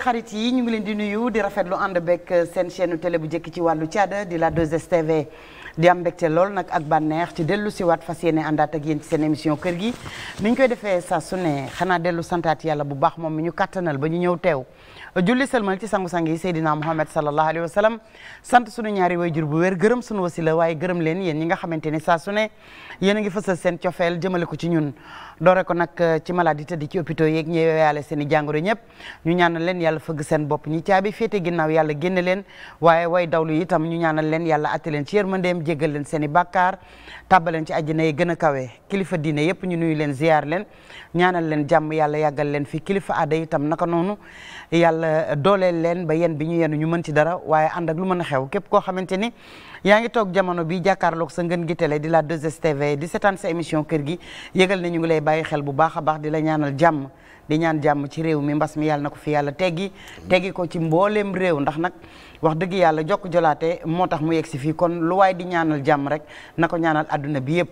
xarit yi ñu ngi leen di nuyu di rafetlu ànd bekk euh, seen chaîne télé bu njëkk ci wàllu caada di la 2STV di am mbégte lool nag ak bànneex ci dellu si waat fas yéene àndaat ak yéen ci seen émission kër gi ni ñu koy defee saa su ne xanaa dellu santaat yàlla bu baax moom mi ñu kàttanal ba ñu ñëw teew julli sëlmal ci sangu-sang yi Seydina Muhammad sallallahu alayhi wa sallam sant sunu ñaari way jur bu wér gërëm sunu wasila waaye gërëm leen yéen ñi nga xamante ne saa su ne yéen a ngi fësal seen cofeel jëmale ko ci ñun doore ko nag eh, ci maladie tëddi ci hôpitaux yeeg ñi yooyaale seen i jàngoro ñëpp ñu ñaanal leen yàlla fëgg seen bopp ñi caabi féete ginnaaw yàlla génne leen waaye way dawlu itam ñu ñaanal leen yàlla atte leen ci yërmandeem jéggal leen seen i bàkkaar tàbbal leen ci àjjana yi gën a kawe kilifa diine yëpp ñu nuyu leen ziyaar leen ñaanal leen jàmm yàlla yàggal leen fi kilifa aada itam naka noonu yàlla dooleel leen ba yéen bi ñu yenu ñu mën ci dara waaye ànd ak lu mën a xew képp koo xamante ni yaa ngi toog jamono bi jàkkaarloog sa ngën gi tele di la 2STV di seetaan sa émission kër gi yëgal ne ñu ngi lay bàyyi xel bu baax a baax di la ñaanal jàmm di ñaan jàmm ci réew mi mbas mi yàlla na ko fi yàlla teggi teggi ko ci mbooleem réew ndax nag wax dëgg yàlla jokk jolaate moo tax mu yegg si fii kon lu waay di ñaanal jàmm rek na ko ñaanal àdduna bi yëpp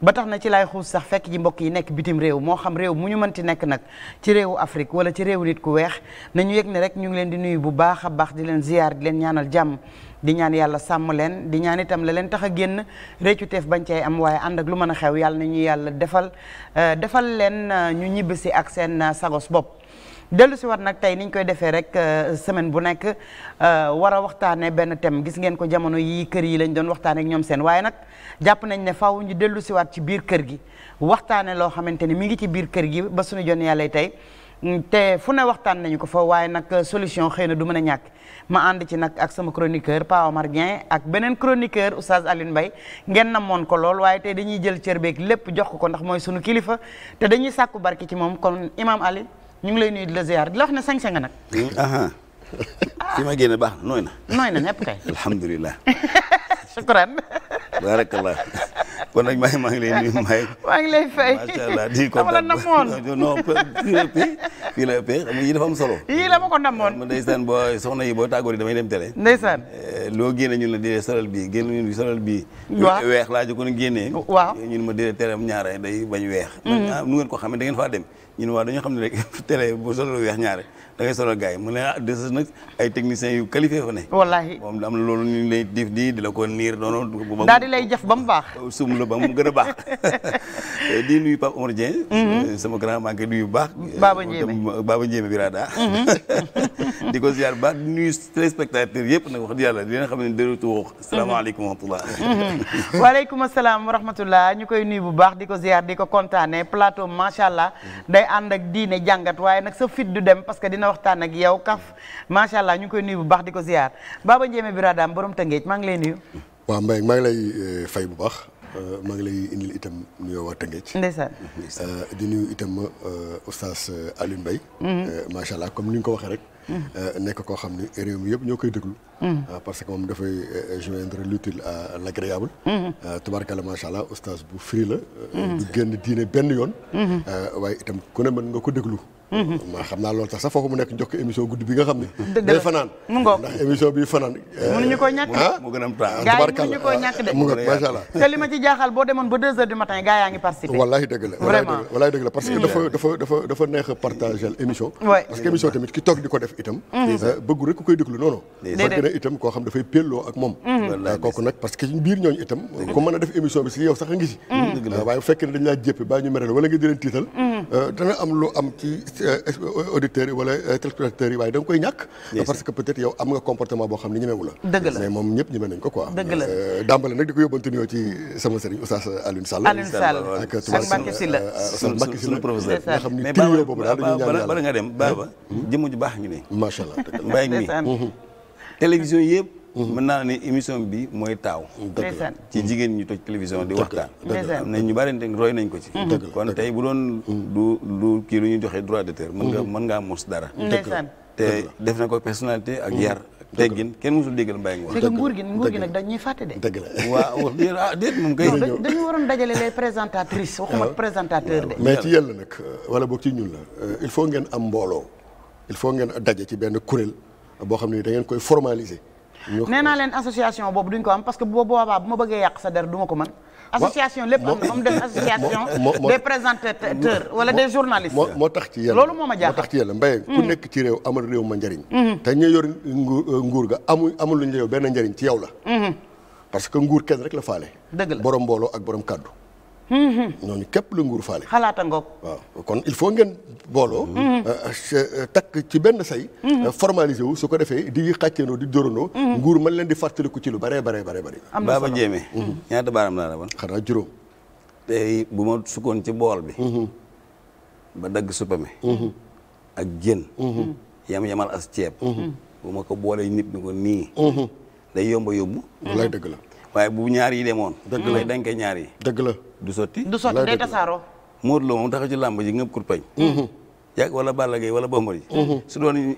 ba tax na ci lay xuus sax fekk ji mbokk yi nekk bitim réew moo xam réew mu ñu mënti nekk nag ci réewu Afrique wala ci réewu nit ku weex nañu yëg ne rek ñu ngi leen di nuyu bu baax a baax di leen leen ñaanal jàmm di ñaan yàlla sàmm leen di ñaan itam la leen tax a génn réccu bañ cay am waaye ànd ak lu mën a xew yàlla na ñu yàlla defal euh, defal leen euh, ñu ñibbisi ak seen euh, sagos bopp. dellu si wat nag tey niñ koy defee rek semaine bu nekk war a waxtaanee benn thème gis ngeen ko jamono yi kër yi lañ doon waxtaaneek ñoom seen waaye nag jàpp nañ ne faaw ñu dellu si waat ci biir kër gi waxtaanee loo xamante ni mi ngi ci biir kër gi ba suñu jon yàlla tey. Mm, te fu ne waxtaan nañu ko fa waaye nag euh, solution xëy na du mën a ñàkk ma ànd ci nag ak sama chroniqueur Pa Omar Dieng ak beneen chroniqueur Oustaz alin Mbaye ngeen na moon ko lool waaye tey dañuy jël cër beeg lépp jox ko ko ndax mooy sunu kilifa te dañuy sàkku barki ci moom kon Imam Ali ñu ngi lay nuyu di la ziar di la wax ne sañ-sañ nag. Hmm? Ah. fi ma génne baax na nooy na. nooy na ñëpp kay. shukran. barakallah kon nag maa ngi maa ngi lay nuyu Mbaye. maa ngi lay fay macha allah di kontaan la namoon non fii la ëppee fii am solo. yii la ma ko namoon. ndeysaan boo soxna yi boo tàggoo damay dem télé. ndeysaan. Eh, loo génne ñun la di solal bii génne ñun solal bii. weex laa ji ko génnee. waaw eh, ñun ma di télé mu ñaare day bañ weex. Mm. Ah, nu ngeen ko xamee da ngeen faa dem ñun waa dañoo xam ne rek télé bu solal weex ñaare da ngay sonal gars yi mu ne ah des nag ay techniciens yu qualifié fa ne. wallaahi moom am na loolu ñu lay diif di di la ko niir noonu. daal ba mu baax. ba mu gën a baax di nuyu Pape Omar Dieng. Mhm. sama grand maa ngi koy nuyu bu baax. Baba mhm. di ko ziar baax di nuyu téléspectateurs yëpp mhm. wa rahmatulah. waaleykum salaam wa rahmatulah ñu koy bu baax di ko ziar di ko kontaanee plateau macha allah day ànd ak diine jàngat waaye nag sa fit du dem parce que dina waxtaan ak yow kaf macha allah ñu ngi koy nuyu bu baax di ko ziar Baba Ndiémé Biradam borom Tëngéej maa ngi lay nuyu. waaw Mbaye maa ngi lay eh, fay bu baax. Eh, maa ngi lay indil itam nuyoo waa Tëngéej. ndeysaan eh, di nuyu itam oustaz Alioune Mbaye. Mm-hmm. macha allah comme ni nga ko waxee rek. Mm-hmm. nekk koo xam ni réew mi yëpp ñoo koy déglu. Mm-hmm. parce que moom dafay joindre l'utile a l'agréable. tubaarkalla macha allah oustaz bu firi la. du génn diine benn yoon. waaye itam ku ne mën nga ko déglu. Mm-hmm. maa xam naa loolu tax sax foofu mu nekk njokk émission guddi bi nga xam ne day fanaan mu ngoog ndax émission bi fanaan eh, ah? mu gën a am temps ah, gars de ah, mu ci jaaxal boo demoon ba deux heures du parce que mm. dafa neex a partagel émission parce que émission tamit ki toog di ko def itam eh, bëggu rek ku koy déglu noonu parce que itam koo xam dafay pélloo ak moom mm-hmm. eh, kooku nag parce que biir ñooñu itam ku mën a def émission bi si yow sax a ngi mm-hmm. waaye bu ne dañ laa jéppe Euh, dana am lu am ci euh, auditeurs yi wala euh, téléspectateurs yi waaye da nga koy ñàkk parce que peut-être am nga comportement boo xam ne ñemewu la dëgg la mais moom ñëpp di ko yóbbantu ñoo ci sama sëriñ Oustaz Alioune Sall Alioune Sall ak Mbacke Sylla Mbacke Sylla professeur nga xam ni trio daal dañuy ñaan yàlla bala nga dem baaba hmm? jëmm ju baax ngi ne macha allah mbaay mi hmm. télévision yëpp mën naa ne émission bi mooy taaw. ci jigéen ñi toj télévision di waxtaan. am na ñu bari nañ roy nañ ko ci. kon tey bu doon du du kii lu ñu joxe droit de terre. mën nga mën ngaa mos dara. te def na ko personnalité ak yar. teggin kenn musul déggal mbay nga wax. dëgg la nguur gi nguur gi nag dañuy fàtte de. dëgg la waaw wax dëgg ah déet moom kay. dañu waroon dajale les présentatrices waxuma présentateur de. mais ci yéen la nag wala boog ci ñun la il faut ngeen am mbooloo il faut ngeen daje ci benn kuréel boo xam ne da koy formaliser nee naa leen association boobu duñ ko am parce que boobu boobaa bu ma bëggee yàq sa der du ma ko mën association lépp am moom def association des présentateurs wala des moo tax ci yàlla loolu ma jaaxal tax ci yàlla mbay ku mm-hmm. nekk ci réew amal réew ma njariñ mm-hmm. te ñu yor euh, nguur ga amul amul lu ñu yow benn njariñ ci yow la mm-hmm. parce que nguur kenn rek la faale dëgg la borom mbooloo ak borom kàddu Mm-hmm. ñooñu képp la nguur faale. xalaata kon il faut ngeen booloo. Mm-hmm. Euh, euh, euh, takk ci benn say. Mm-hmm. formalisé wu su ko defee di xàcceenoo di joronoo. nguur mën leen di fàttaliku ci lu bare bare bare bare. am na solo Baba Diémé. ñaata baaram laa woon. xanaa juróom. tey bu ma sukkoon ci bool bi. ba dagg supame. ak jën. yamal as ceeb. bu ma ko boolee nit ñi ko nii. day yomba yóbbu. lay dëgg la. waaye bu ñaar yi de dëgg la lay denke ñaar yi dëgg la. du sotti. du sotti day tasaaroo. Modou Lo moom ji ngëb kurpañ. Mm-hmm. yàgg wala Balla Gaye wala Bombardier mhm. su doon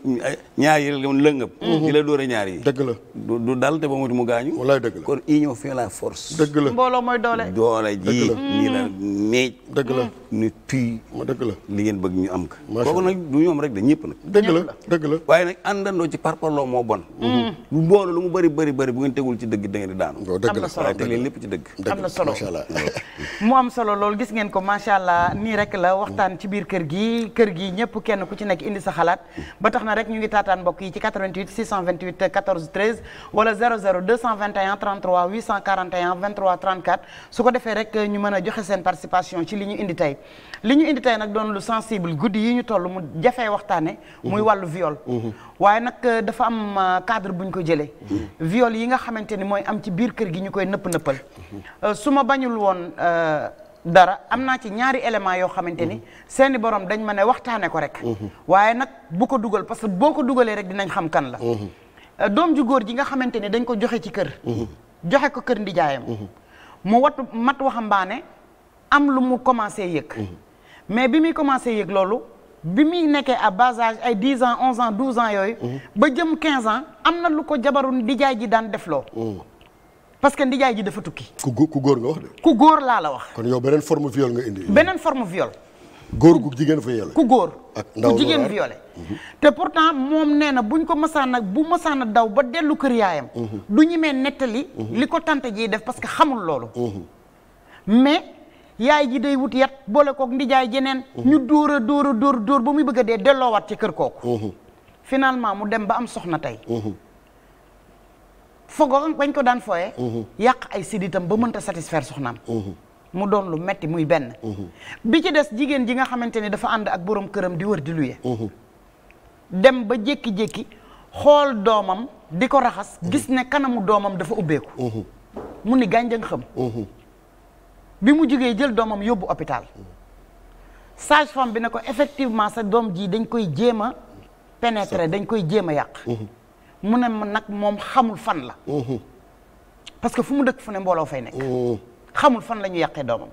ñaar yi la lëngëm mhm. di la dóore ñaar yi dëgg la du dal te mu gaañu wallaay dëgg la kon force doole ji nii la meej ni tuy dëgg la li ngeen bëgg da la dëgg la waaye nag àndandoo ci parparloo moo bon mhm. lu bon lu mu bëri bëri bëri bu ngeen tegul ci dëgg da ngeen di daanu dëgg la waaye teg leen lépp mu am solo loolu gis ngeen ko macha allah nii rek la waxtaan ci biir kër ji ñëpp kenn ku ci nekk indi sa xalaat ba tax na rek ñu ngi taataan mbokk yi ci 88 628 14 13 wala su ko defee rek ñu mën a joxe seen participation ci li ñu indi tey li ñu indi tey nag doon lu sensible guddi yi ñu toll mu jafee waxtaane muy wàllu viol waaye nag euh, dafa am euh, cadre buñ ko jëlee viol yi nga xamante ni mooy am ci biir kër gi ñu koy nëpp nëppal euh, su ma bañul woon dara am naa ci ñaari élément yoo xamante ni seeni borom dañ ma ne waxtaane ko rek waaye nag bu ko dugal parce que boo ko dugalee rek dinañ xam kan la euh, doom ju góor ji nga xamante ni dañ ko joxe ci kër joxe ko kër ndijaayam mu watu mat waxambaane am lu mu commencé yëg mais bi muy commencé yëg loolu bi muy nekkee à basage ay dix ans onze ans douze ans yooyu ba jëm quinze ans am na lu ko jabaru ndijaay ji daan def loo parce que ndijaay ji dafa tukki. ku góor ku góor nga wax de. ku góor laa la wax. kon yow beneen forme viol nga indi. beneen form viol. góor gu jigéen fa ku góor ku jigéen violé mhm. te pourtant moom nee na buñ ko masaan ak bu masaan daw ba dellu kër yaayam mhm. du ñimee nettali mhm. li ko tante ji def parce que xamul loolu mais yaay ji day wut yat boole kook ndijaay jeneen ñu dóor a dóor dóor dóor ba muy bëgg a dee delloowaat ci kër kooku finalement mu dem ba am soxna tey fogo bañ ko daan fooye mhm. yàq ay siditam ba mënta satisfaire soxnaam mhm. mu doon lu metti muy benn mhm. bi ci des jigéen ji nga xamante ni dafa ànd ak boroom këram di wër di luye dem ba jékki-jékki xool doomam di ko raxas gis ne kanamu doomam dafa ubbeeku mu ni gànjang xam bi mu jógee jël doomam yóbbu hôpital sage femme bi ne ko effectivement sa doom ji dañ koy jéem a pénétrer dañ koy jéem a yàq mu ne ma nag moom xamul fan la. parce que fu mu dëkk fu ne mbooloo fay nekk. xamul fan la ñu yàqee doomam.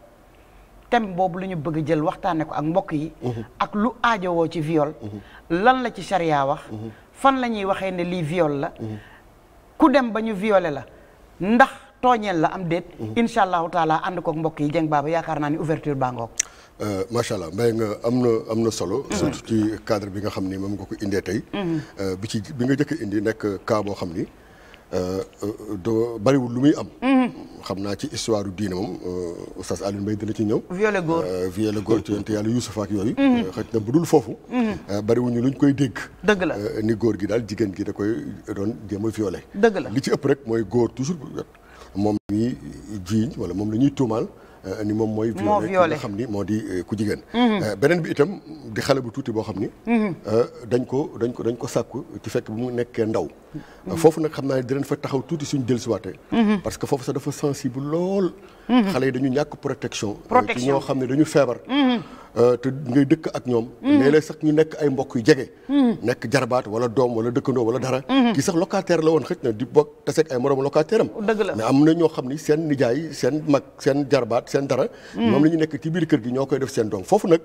thème boobu lu ñu bëgg jël waxtaanee ko ak mbokk yi. ak lu aajowoo ci viol. lan la ci charia wax. fan la ñuy waxee ne lii viol la. ku dem ba ñu violé la ndax tooñeel la am déet. incha allahu taala ànd koog mbokk yi Dieng Baba yaakaar naa ni ouverture baa ngoog. Euh, macha allah mbay nga am na am na solo. surtout ci cadre bi nga xam ni moom nga ko indee tey. Euh, bi ci bi nga njëkk indi nekk cas xam ni euh, doo bariwul lu muy am. xam naa ci histoire du diine moom oustaz Alioune Mbaye dina ci ñëw. violé góor violé góor ci yonent yàlla Yuusuf ak yooyu. Mm-hmm. xëy na bu dul foofu. Mm-hmm. bariwuñu luñ koy dégg. dëgg ni góor gi daal jigéen gi da koy doon jéem a violé. dëgg la li ci ëpp rek mooy góor toujours moom la ñuy jiiñ wala moom la ñuy tuumaal. Euh, ni moom mooy violé nga xam ni moo di euh, ku mhm. euh, beneen bi itam di xale bu tuuti boo xam ni mhm. dañ ko dañ ko dañ ko sàkku ci fekk bu mu nekkee ndaw foofu nag xam naa ne dinañ fa taxaw tuuti suñ dellusiwaatee mhm. parce que foofu sax dafa sensible lool xale yi dañu ñàkk protection ci ñoo xam ne dañu feebar Euh, te ngay dëkk ak ñoom mm-hmm. léeg-léeg sax ñu nekk ay mbokk yu jege mm-hmm. nekk jarbaat wala doom wala dëkkandoo wala dara mm-hmm. kii sax locataire la woon xëj na di bokk taseeg ay moroom am dëgg la am na ñoo xam ni seen nijaay seen mag seen jarbaat seen dara moom la ñu nekk ci biir kër gi ñoo koy def seen doom foofu nag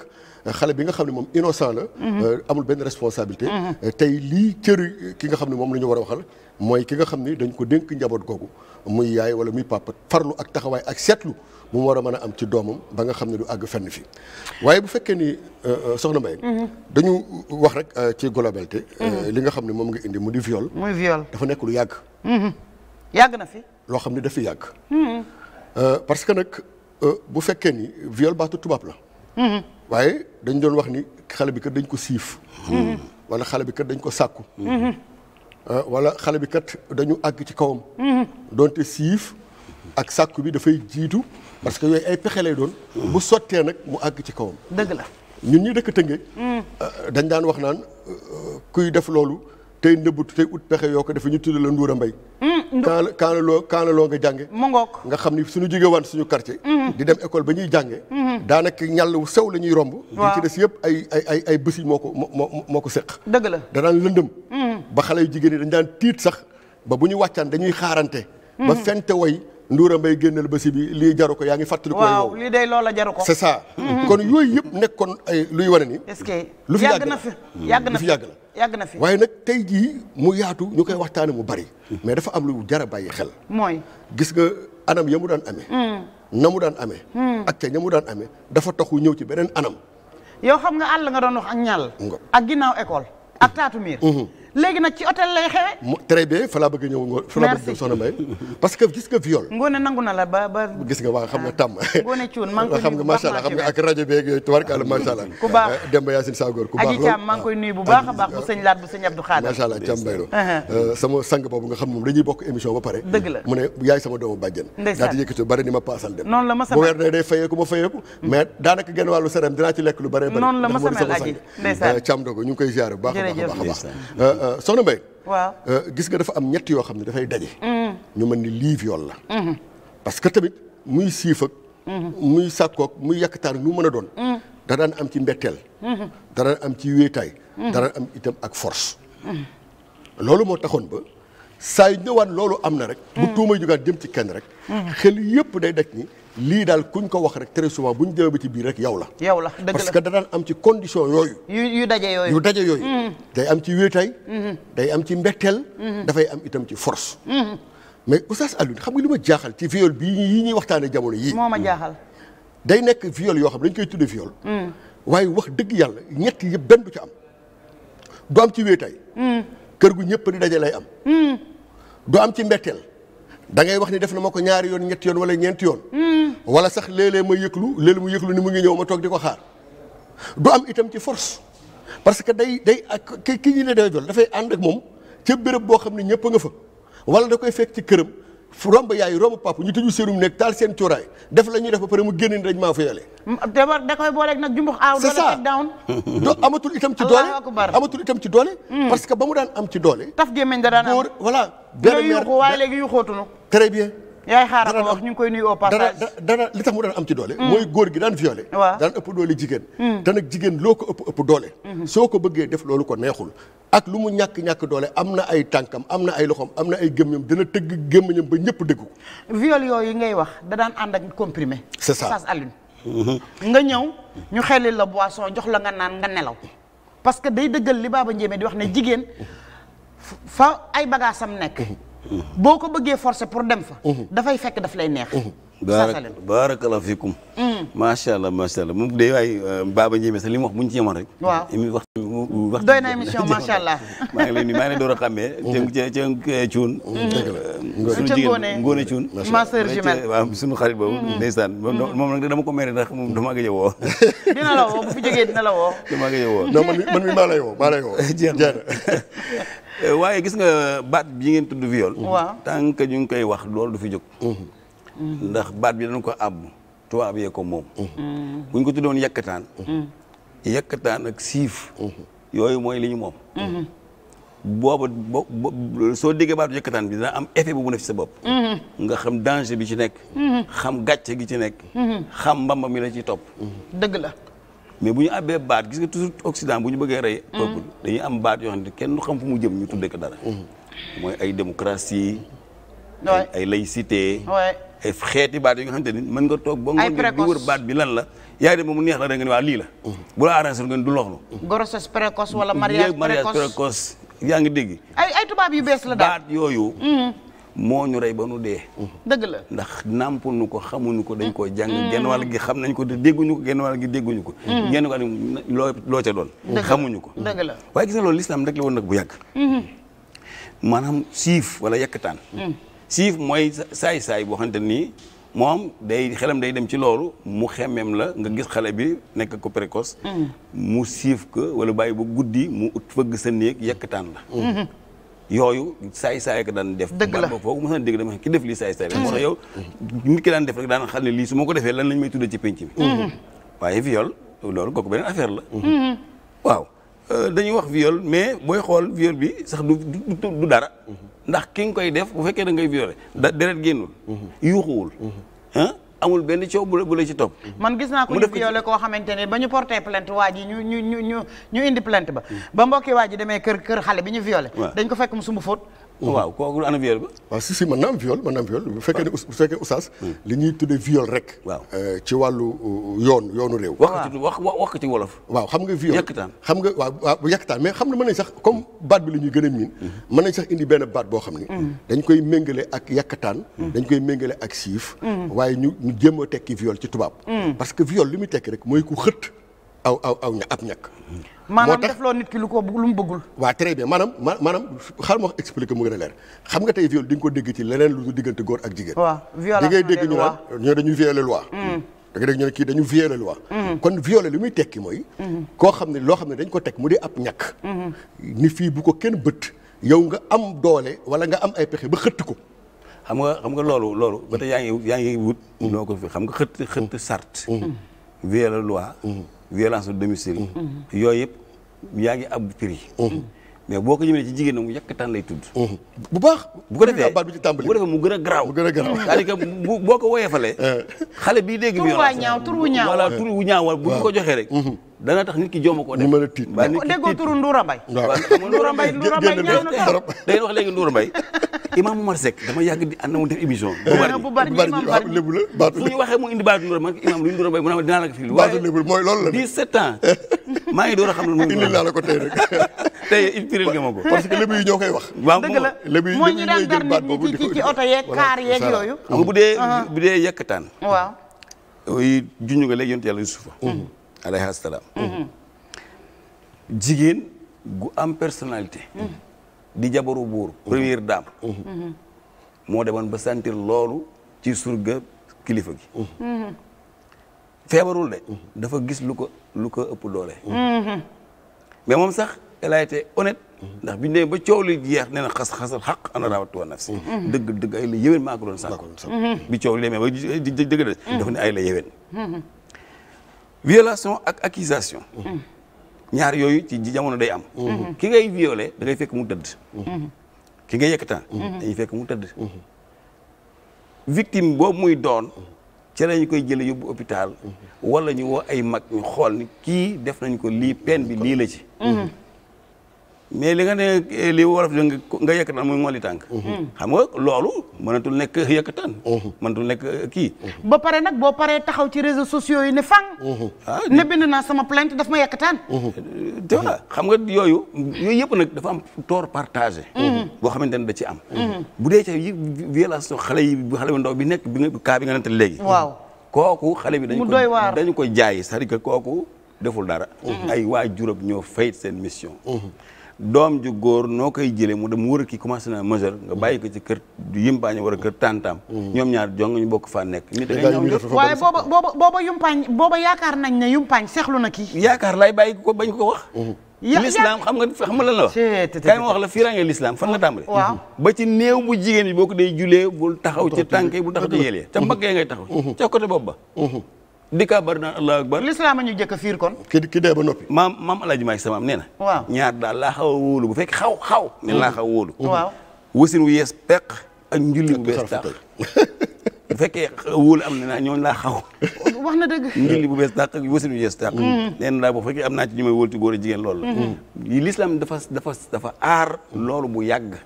xale bi nga xam ne moom innocent la euh, amul benn responsabilité euh, tey lii cër ki nga xam ne moom la ñu war a waxal mooy ki nga xam ni dañ ko dénk njaboot googu muy yaay wala muy papa farlu ak taxawaay ak seetlu bu mu war a mën a am ci doomam ba nga xam ne du àgg fenn fi waaye bu fekkee ni euh, euh, soxna Mbaye mhm. dañu wax rek euh, ci globalité mhm. li nga xam ne moom nga indi mu di viol muy viol dafa nekk lu yàgg mhm. yàgg na fi loo xam ne dafa yàgg parce que nag bu fekkee ni viol baatu tubaab la waaye dañ doon wax ni xale bi kat dañ ko siif wala xale bi kat dañ ko sàkku wala euh, xale bi kat dañu àgg ci kawam. Mhm. donte siif ak sàkku bi dafay jiitu parce que yooyu ay pexe lay doon. bu sottee nag mu àgg ci kawam. dëgg la ñun ñi dëkk Tëngéej. Mhm. Euh, dañ daan wax naan euh, kuy def loolu tey nëbbut tey ut pexe yoo ko defee ñu tudd la Ndoura mbay mhm. kaan kaan loo kaan loo nga jànge mu nga xam ni suñu jóge waan suñu quartier mm-hmm. di dem école ba ñuy jànge mm-hmm. daanaka ñàll wu sew la ñuy romb li ci des yëpp ay ay ay ay bés moo ko moo moo ko seq dëgg la danaan lëndëm mm-hmm. ba xale yu jigéen yi dañ daan tiit sax ba bu ñu wàccaan dañuy xaarante ba fente woy nduura bay génnal ba si bi lii jaru ko yaa ngi fàttali ko waaw lii day loola jaru ko c'est ça kon yooyu yëpp nekkoon ay luy wane ni est lu fi yàgg na fi yàgg fi yàgg la yàgg na fi waaye nag tey jii mu yaatu ñu koy waxtaane mu bari. mais dafa am lu jar a bàyyi xel. mooy gis nga anam ya mu daan amee. Hmm. na mu daan amee. Hmm. ak ca ña mu daan amee dafa taxu ñëw ci beneen anam. yow xam nga àll nga doon wax ak ñàll. ak ginnaaw école ak taatu léegi nag ci hôtel lay xewe très bien fa bëgg ñëw ngoo fa laa bëgg ñëw soxna May parce que gis nga viol ngoone nangu na la ba ba gis nga waaw xam nga ah. tàmm ngoone xam nga macha allah xam nga ak rajo beeg yooyu tubarkalla macha allah ku baax eh, Demba Yacine Sagor ku bu baax a baax bu sëñ uh-huh. eh, sama sang boobu nga xam moom dañuy bokk émission ba pare dëgg la mu ne yaay sama doomu bàjjen daa di yëkkati bari ni ma paasal dem noonu weer ne day fayeeku ma fayeeku mm. mais daanaka genn wàllu serem dinaa ci lekk lu bare bare noonu la ma samel Adji ndeysaan eh, Thiam Dogo koy ziar bu baax Euh, Soxna Mbaye waaw euh, gis nga dafa am ñett yoo xam ne dafay daje. Mm. ñu mën ni lii viol la. Mm-hmm. parce que tamit muy siif ak. Mm-hmm. muy sàkkoog muy yàkkataar nu mën a doon. Mm. da daan am ci mbetteel. Mm-hmm. da daan am ci wéetaay. da daan am itam ak force. loolu moo taxoon ba saa yu ñëwaat loolu am na rek. bu mm. tuumay jógaat jëm ci kenn rek. xel yëpp day daj ni. lii daal kuñ ko wax rek très souvent buñ jëmee ba ci biir rek yow la. yow la dëgg la parce que da daan am ci condition yooyu. yu yu yooyu yu daje yooyu. Mm-hmm. day am ci wéetaay. Mm-hmm. day am ci mbetteel. Mm-hmm. dafay am itam ci force. mais Oustaz Alioune xam nga li ma jaaxal ci viol bi yi ñuy waxtaanee jamono yii. moo ma jaaxal. day nekk viol yoo xam dañ koy tuddee viol. waaye wax dëgg yàlla ñett yëpp benn du ci am. du am ci wéetaay. kër gu ñëpp di daje am. du am ci mbetteel. dangay wax ni def na ma ko ñaari yoon ñetti yoon wala ñeenti yoon. wala sax léeg-léeg ma yëglu léeg mu yëglu ni mu ngi ñëw ma toog di ko xaar du am itam ci force parce que day day ak ki ñu ne day jol dafay ànd moom ca béréb boo xam ne ñëpp a nga fa wala da koy fekk ci këram. romb yaay romb papa ñu tëju séerum nekk taal seen cuuraay def la ñuy def ba mu génn dañ maa fa yale da koy booleeg nag jumbux aaw c'est ça down doo amatul itam ci doole amatul itam ci doole hmm. parce que ba mu daan am ci doole taf gémmiñ da daan am voilà waaye léegi yu xóotunu yaay xaaral ko wax ñu ngi koy nuyu au passage dana dana li tax mu daan am ci doole hmm. mooy góor gi daan violé waaw daan ëpp doole jigéen hmm. te jigéen loo ko ëpp ëpp doole hmm. soo ko bëggee def loolu ko neexul ak lu mu ñàkk ñàkk doole am na ay tànkam am na ay loxoom am na ay gémmiñam dina tëgg gémmiñam ba ñëpp dégg ko viol yooyu ngay wax da daan ànd ak comprimé c'est ça sas Alioune mm-hmm. nga ñëw ñu xelil la boisson jox la nga naan nga nelaw parce que day dëggal li Baba Ndiémé di wax ne jigéen fa ay bagaasam nekk mm-hmm. boo ko bëggee forcer pour dem fa. Mhm. dafay fekk daf lay neex. Mhm. baara baarakallahu fiikum. Mhm. macha allah macha allah moom de waay euh, Baba Ndiémé sax li mu wax bu ñu ci yemoon rek. waaw na émission macha allah. maa ngi door a xàmmee. Euh, euh, ca ca ca Thion. suñu jigéen Ngone Thion. ma sœur jumelle waaw suñu xarit boobu. ndeysaan moom nag dama ko mere ndax moom damaa gëj a woo. dina la woo bu fi jógee dina la woo. damaa gëj a woo. non man man mii maa lay woo maa Euh, waaye gis nga baat bi ngeen tudd viol. waaw tant que ñu ngi koy wax loolu du fi jóg. Mm-hmm. ndax baat bi dañu ko àbb tubaab yee ko moom. Mm-hmm. bu ñu ko tuddoon yekkataan. Mm-hmm. yekkataan ak siif. yooyu mooy li ñu moom. booba bo soo déggee baatu yëkkataan bi dina am effet bu mu def ci sa bopp. nga xam danger bi ci nekk. xam gàcce gi ci nekk. xam mbamba mi la ci topp. dëgg la. mais bu ñu abbee baat gis nga toujours Occident bu ñu bëggee rey. peuple mm. dañuy am baat yoo xam ne kenn du xam fu mu jëm ñu mm. ay démocratie. ay laïcité. ay xeeti baat yi nga xamante ni mën nga toog ba nga di baat bi lan la yaay dem ba mu neex la rek waa lii la mm. bu la arrangé nga du loxlu grossesse précoce wala yaa ngi dégg ay ay tubaab yu bees la daal baat yooyu moo ñu rey ba nu dee. dëgg la ndax nàmpunu ko xamuñu ko dañ koo jàng. Mm. genn wàll gi xam nañ ko te dégguñu ko genn wàll gi dégguñu ko. Mm. genn wàll gi loo loo ca doon. xamuñu ko. dëgg la waaye gis nga loolu lislaam woon nag bu yàgg. Mm-hmm. maanaam siif wala yekkataan. Mm. siif mooy saay saay boo xamante nii moom day xelam day dem ci loolu mu xemmeem la nga gis xale bi nekk ko précoce. mu siif ko wala bàyyi ba guddi mu ut fëgg sa néeg yekkataan la. Mm-hmm. yooyu saay saay ko daan def dëgg la foofu mos na dégg dama ki def lii saay saay moo tax mm-hmm. yow nit ki daan def rek daan xam ne lii su ma ko defee lan lañ may tuddee ci penc mi mm-hmm. waaye viol loolu kooku beneen affaire la mm-hmm. waaw euh, dañuy wax viol mais booy xool viol bi sax du du dara ndax ki koy def bu fekkee da ngay violé da deret génnul yuuxuwul amul benn coow bu la ci topp. Mm-hmm. man gis naa ko ñu violé koo xamante ba ñu porté plainte waa ji ñu ñu ñu ñu indi plainte ba. Mm-hmm. ba mbokki waa ji demee kër kër xale bi ñu violé. dañ ko fekk mu sumb fóot waaw kooku ana viol ba. waaw si si mën na am viol mën na am viol bu fekkee ne bu fekkee oustaz. Hmm. li ñuy tuddee viol rek. Euh, ci wàllu euh, yoon yoonu réew. waaw xam nga viol yàkkataan xam nga waaw waaw yàkkataan mais xam nga mën nañ sax comme baat bi la ñuy gën a miin. Hmm. mën nañ sax indi benn baat boo xam ni. Hmm. dañ koy méngale ak yàkkataan. dañ koy méngale ak siif. waaye ñu ñu a tekki viol ci tubaab. parce que viol li muy tekki rek mooy ku xët. aw aw aw ña ab ñàkk. maanaam def loo nit ki lu ko lu mu bëggul. waa très bien maanaam ma maanaam xaaral ma wax expliquer mu gën a leer xam nga tey viol di nga ko dégg ci leneen lu diggante góor ak jigéen. waaw violation des lois di ngay ñu ñoo dañuy hmm. da nga dégg ñu ne kii dañu violer loi. Hmm. kon violer li muy tekki mooy. Hmm. koo xam ne loo xam ne dañ ko teg mu di ab ñàkk. ni fii bu ko kenn bët yow nga am doole wala nga am ay pexe ba xët ko. xam nga xam nga loolu loolu ba tey yaa ngi yaa ngi wut. noo ko fi xam nga xëtt xëtt sart. violer loi violence domicile mm-hmm. yooyu yëpp yaa ngi ab prix mm-hmm. mais boo ko jëmee ci jigéen mu yàkkataan lay tudd mm-hmm. bu baax bu ko defee baat bi ci tàmbali bu ko defee mu gën a garaaw mu gën a garaaw c'est-à-dire que bu boo ko woyefalee eh. xale bii dégg violence tur wu ñaaw tur wu ñaaw wala tur wu ñaaw wala bu ñu ko joxee rek dana tax nit ki jooma koo def. ñu mën a tiit waaye nit ki tiit déggoo turu Ndoura Mbaye. waaw Ndoura Mbaye Ndoura Mbaye ñaanu trop. da ngeen wax léegi Ndoura Mbaye Imam Omar Seck dama yàgg di ànd mu def émission. bu bari bu bari waaw lébu la baatu su ñu waxee mu indi baatu Ndoura man Imam lu Ndoura Mbaye mu ne ma dinaa la ko fi. baatu lébu mooy loolu la de 17 ans maa ngi door a xam ne moom indi naa la ko tey rek. tey inspiré nga ma ko. parce que lébu yi ñoo koy wax. waaw dëgg la moo ñu daan dar nit ñi ci ci oto yeeg kaar yeeg yooyu. bu dee uh-huh. bu dee yekkataan. waaw. yooyu junj nga léegi yonent yàlla Yusufa uh-huh. alayha salaam. Mm-hmm. jigéen gu am personnalité. Mm-hmm. di jabaru buur mm-hmm. première dame. moo demoon ba sentir loolu ci surga kilifa gi. feebarul de. dafa gis lu ko lu ko ëpp doole. mais moom sax elle a été ndax biñ demee ba coow li jeex nee na xas-xasal xaq ana raawatu wa nafsi. dëgg dëgg ay la yéwén maa ko doon sàkk. bi coow li demee ba dëgg dëgg. dafa ne ay la yéwén. violation ak accusation hmm. ñaar yooyu ci jamono day am hmm. ki ngay violer da fekk mu tëdd hmm. ki ngay yëkkataan dañuy fekk mu tëdd victime boobu muy doon ci lañ koy jële yóbbu hôpital wala ñu woo ay mag ñu xool ni kii def nañ ko lii peine bi lii la ci mais li nga ne eh, li wolof di nga yëkkataan muy ngoli tànk mhm. xam nga loolu mënatul nekk yëkkataan mhm. mënatul nekk eh, kii mhm. ba pare nag boo paree taxaw ci réseaux sociaux yi ne fang ah, ne bind naa sama plainte daf ma yëkkataan tu vois xam nga yooyu yooyu yëpp nag dafa am tort partagé boo xamante ne da ci am bu dee ci violation xale yi xale bu ndaw bi nekk bi nga kaa bi nga nante léegi waaw kooku xale bi dañu doy waar dañu ko jaay cest kooku deful dara ay waajuram ñoo fay seen mission doom ju góor noo koy jëlee mu dem wër ki commencé na majeur nga bàyyi ko ci kër yumpaañ war a kër tantam mm-hmm. ñoom ñaar jong ñu bokk faa nekk nit da waaye nañ ne yumpaañ seexlu na kii yaakaar laay bàyyi ko bañ ko wax mm-hmm. l'islam xam nga xam nga lan la wax kaay ma wax la fiiraange l'islam fan la tàmbale ba ci néew bu jigéen bi boo ko day julee bul taxaw ci tànk yi bul taxaw ci yélee ca mbagg ngay taxaw mm-hmm. ca côté boobu ba di kaabar naan allah akbar. lislaam a ñu jëkk a fiir kon. ki ki dee ba noppi. maam maam El Hadj Malick Sy maam nee na. waaw ñaar daal laa xaw a bu fekk xaw xaw. Mm. ne laa xaw a wóolu. waaw wasin wu yees peq. ak njulli bu bees tàq bu fekkee wóolu am na ñooñu laa xaw. wax na dëgg. njulli bu bees tàq ak wasin wu yees tàq. Mm. nee na daal bu fekkee am naa ci ñu may wóolu ci góor a jigéen loolu mm. la. lislaam dafa dafa aar lool bu yàgg.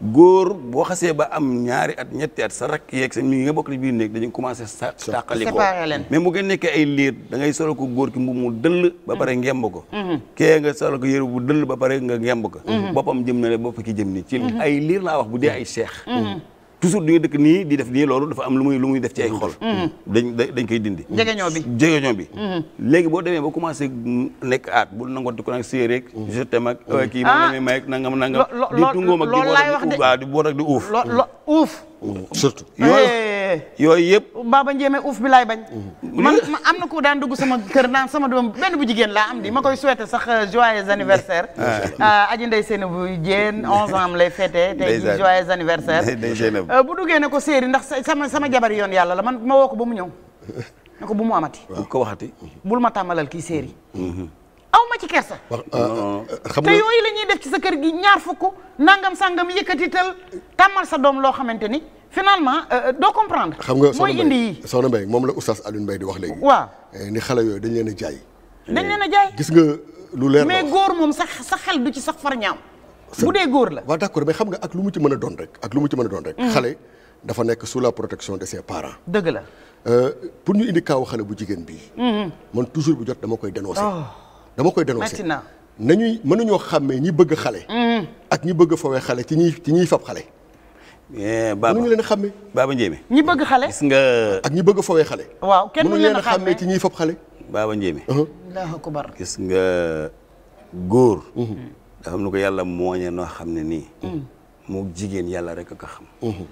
góor boo xasee ba am ñaari at ñetti at sa rakk yeeg seen a nga bokk ci biir néeg dañu commencé sa tàqalikoo mais nekkee ay liir da ngay solo ko góor ki mbubb mu dëll ba pare mm-hmm. ngemb ko mm-hmm. kee nga solo ko yëre bu dëll ba pare nga ngemb ko mm-hmm. boppam jëm le bopp ki jëm ci ay liir laa wax bu dee ay seex toujours di di def nii loolu dafa am lu muy lu muy def ci ay xol. Mm-hmm. Mm-hmm. dañ dindi. jegeñoo bi jegeñoo mm-hmm. boo demee ba commencé nekk aat bul nangooti ko nag séeréer. je t'aime ak kii moom la ah. may may nangam nangam. di tungóom ak di boot ak di uuf. surtout eh, yooyu eh, eh, yooyu yëpp baaba njéeme uuf bi laay bañ mm-hmm. man am na ku daan dugg sama kër naan sama doom benn bu jigéen laa am di ma koy souhaité sax euh, joyeux anniversaire ah. euh, aji ndey seen bu jéen onze ans am lay fêté tey ji joyeux anniversaire euh, bu duggee ne ko séeri ndax sama jabar yoon yàlla la ma woo ko ba mu ñëw ne ko bu mu amati bu ko waxati bul ma tàmbalal kii séeri mm-hmm. aw ma ci kersa. xam nga te yooyu la def ci sa kër gi ñaar fukk nangam sangam yëkkatital tàmmal sa doom loo xamante ni finalement euh, euh, doo comprendre. mooy indi yi xam nga Soxna Mbaye moom la oustaz Alioune mbay di wax léegi. waaw eh, ni xale yooyu dañ leen a jaay. dañ eh, leen jaay gis nga lu leer mais góor moom sax sa xel du ci sax far ñaaw. bu dee góor la waaw d'accord mais xam nga ak lu mu ci mën a doon rek ak lu mu ci mën a doon rek. Mm. xale dafa nekk sous la protection de ses parents. dëgg la euh, pour ñu indi kaaw xale bu jigéen bii. Mm-hmm. man toujours bu jot dama koy dénoncer. Oh. dama koy dénoncer maintenant nañuy mënuñoo xàmmee ñi bëgg xale. Mm-hmm. ak ñi bëgg fowee xale ci ñi ci ñiy fab xale. Eh, Baba mënuñu leen a xàmmee. baaba Ndiémé. ñi bëgg xale. gis nga ak ñi bëgg a fowee waaw kenn leen a ci ñiy fab xale. Baba Ndiémé. Uh-huh. nga góor. Uh-huh. dafa am lu ko yàlla mooñee noo xam ne nii. Mm. mu jigéen yàlla rek aka xam. Uh-huh.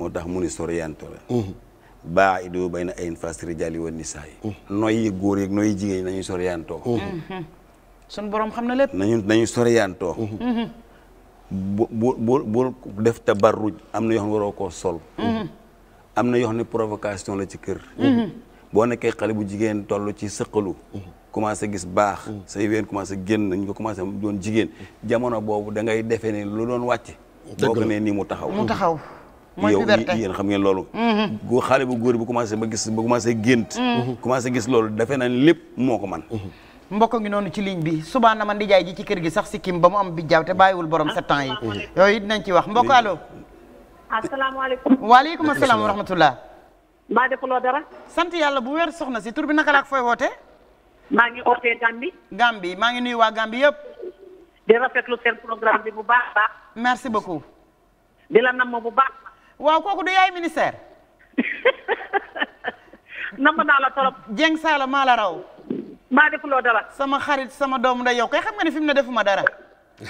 moo tax mu ni soriyanto la. baa'idu bayna anfas rijaali wa nisaa yi. nooy góor yeeg nooy jigéen ñi nañu soriyantoo. Mm-hmm. sunu borom xam na lépp. nañu nañu bu bu bu def tabarruj am na yoo xam ne waroo mm-hmm. am na yoo xam ne provocation la ci kër. Mm-hmm. boo nekkee xale bu jigéen toll ci sëqalu. Mm-hmm. commencé gis baax. say ween commencé génn ñu ko commencé doon jigéen jamono boobu da ngay defee ne lu doon wàcc. dëgg la ne nii mu taxaw mu taxaw. mooy puberté yow yéen xam ngeen loolu. gu xale bu góor bu commencé ba gis ba commencé gént. commencé gis loolu defe na lépp moo ko man mbokk ngi noonu ci ligne bi subaana man ndijaay ji ci kër gi sax sikkim ba mu am bi jaaw te bàyyiwul borom sept ans yi ah, ah. yooyu dinañ ci wax mbokk allo asalaamaaleykum waaleykum wa rahmatullah mbaa defuloo dara sant yàlla bu wér soxna si tur bi naka fooy woote maa ngi ootee Gambi Gambi maa ngi nuyu waa Gambi yëpp di rafetlu seen programme bi bu baax baax merci beaucoup di bu baax waaw kooku du yaay ministère namm la torop Dieng Sala maa raw maa defuloo dara. sama xarit sama doomu nday yow kay xam nga ne fi mu ne defuma dara.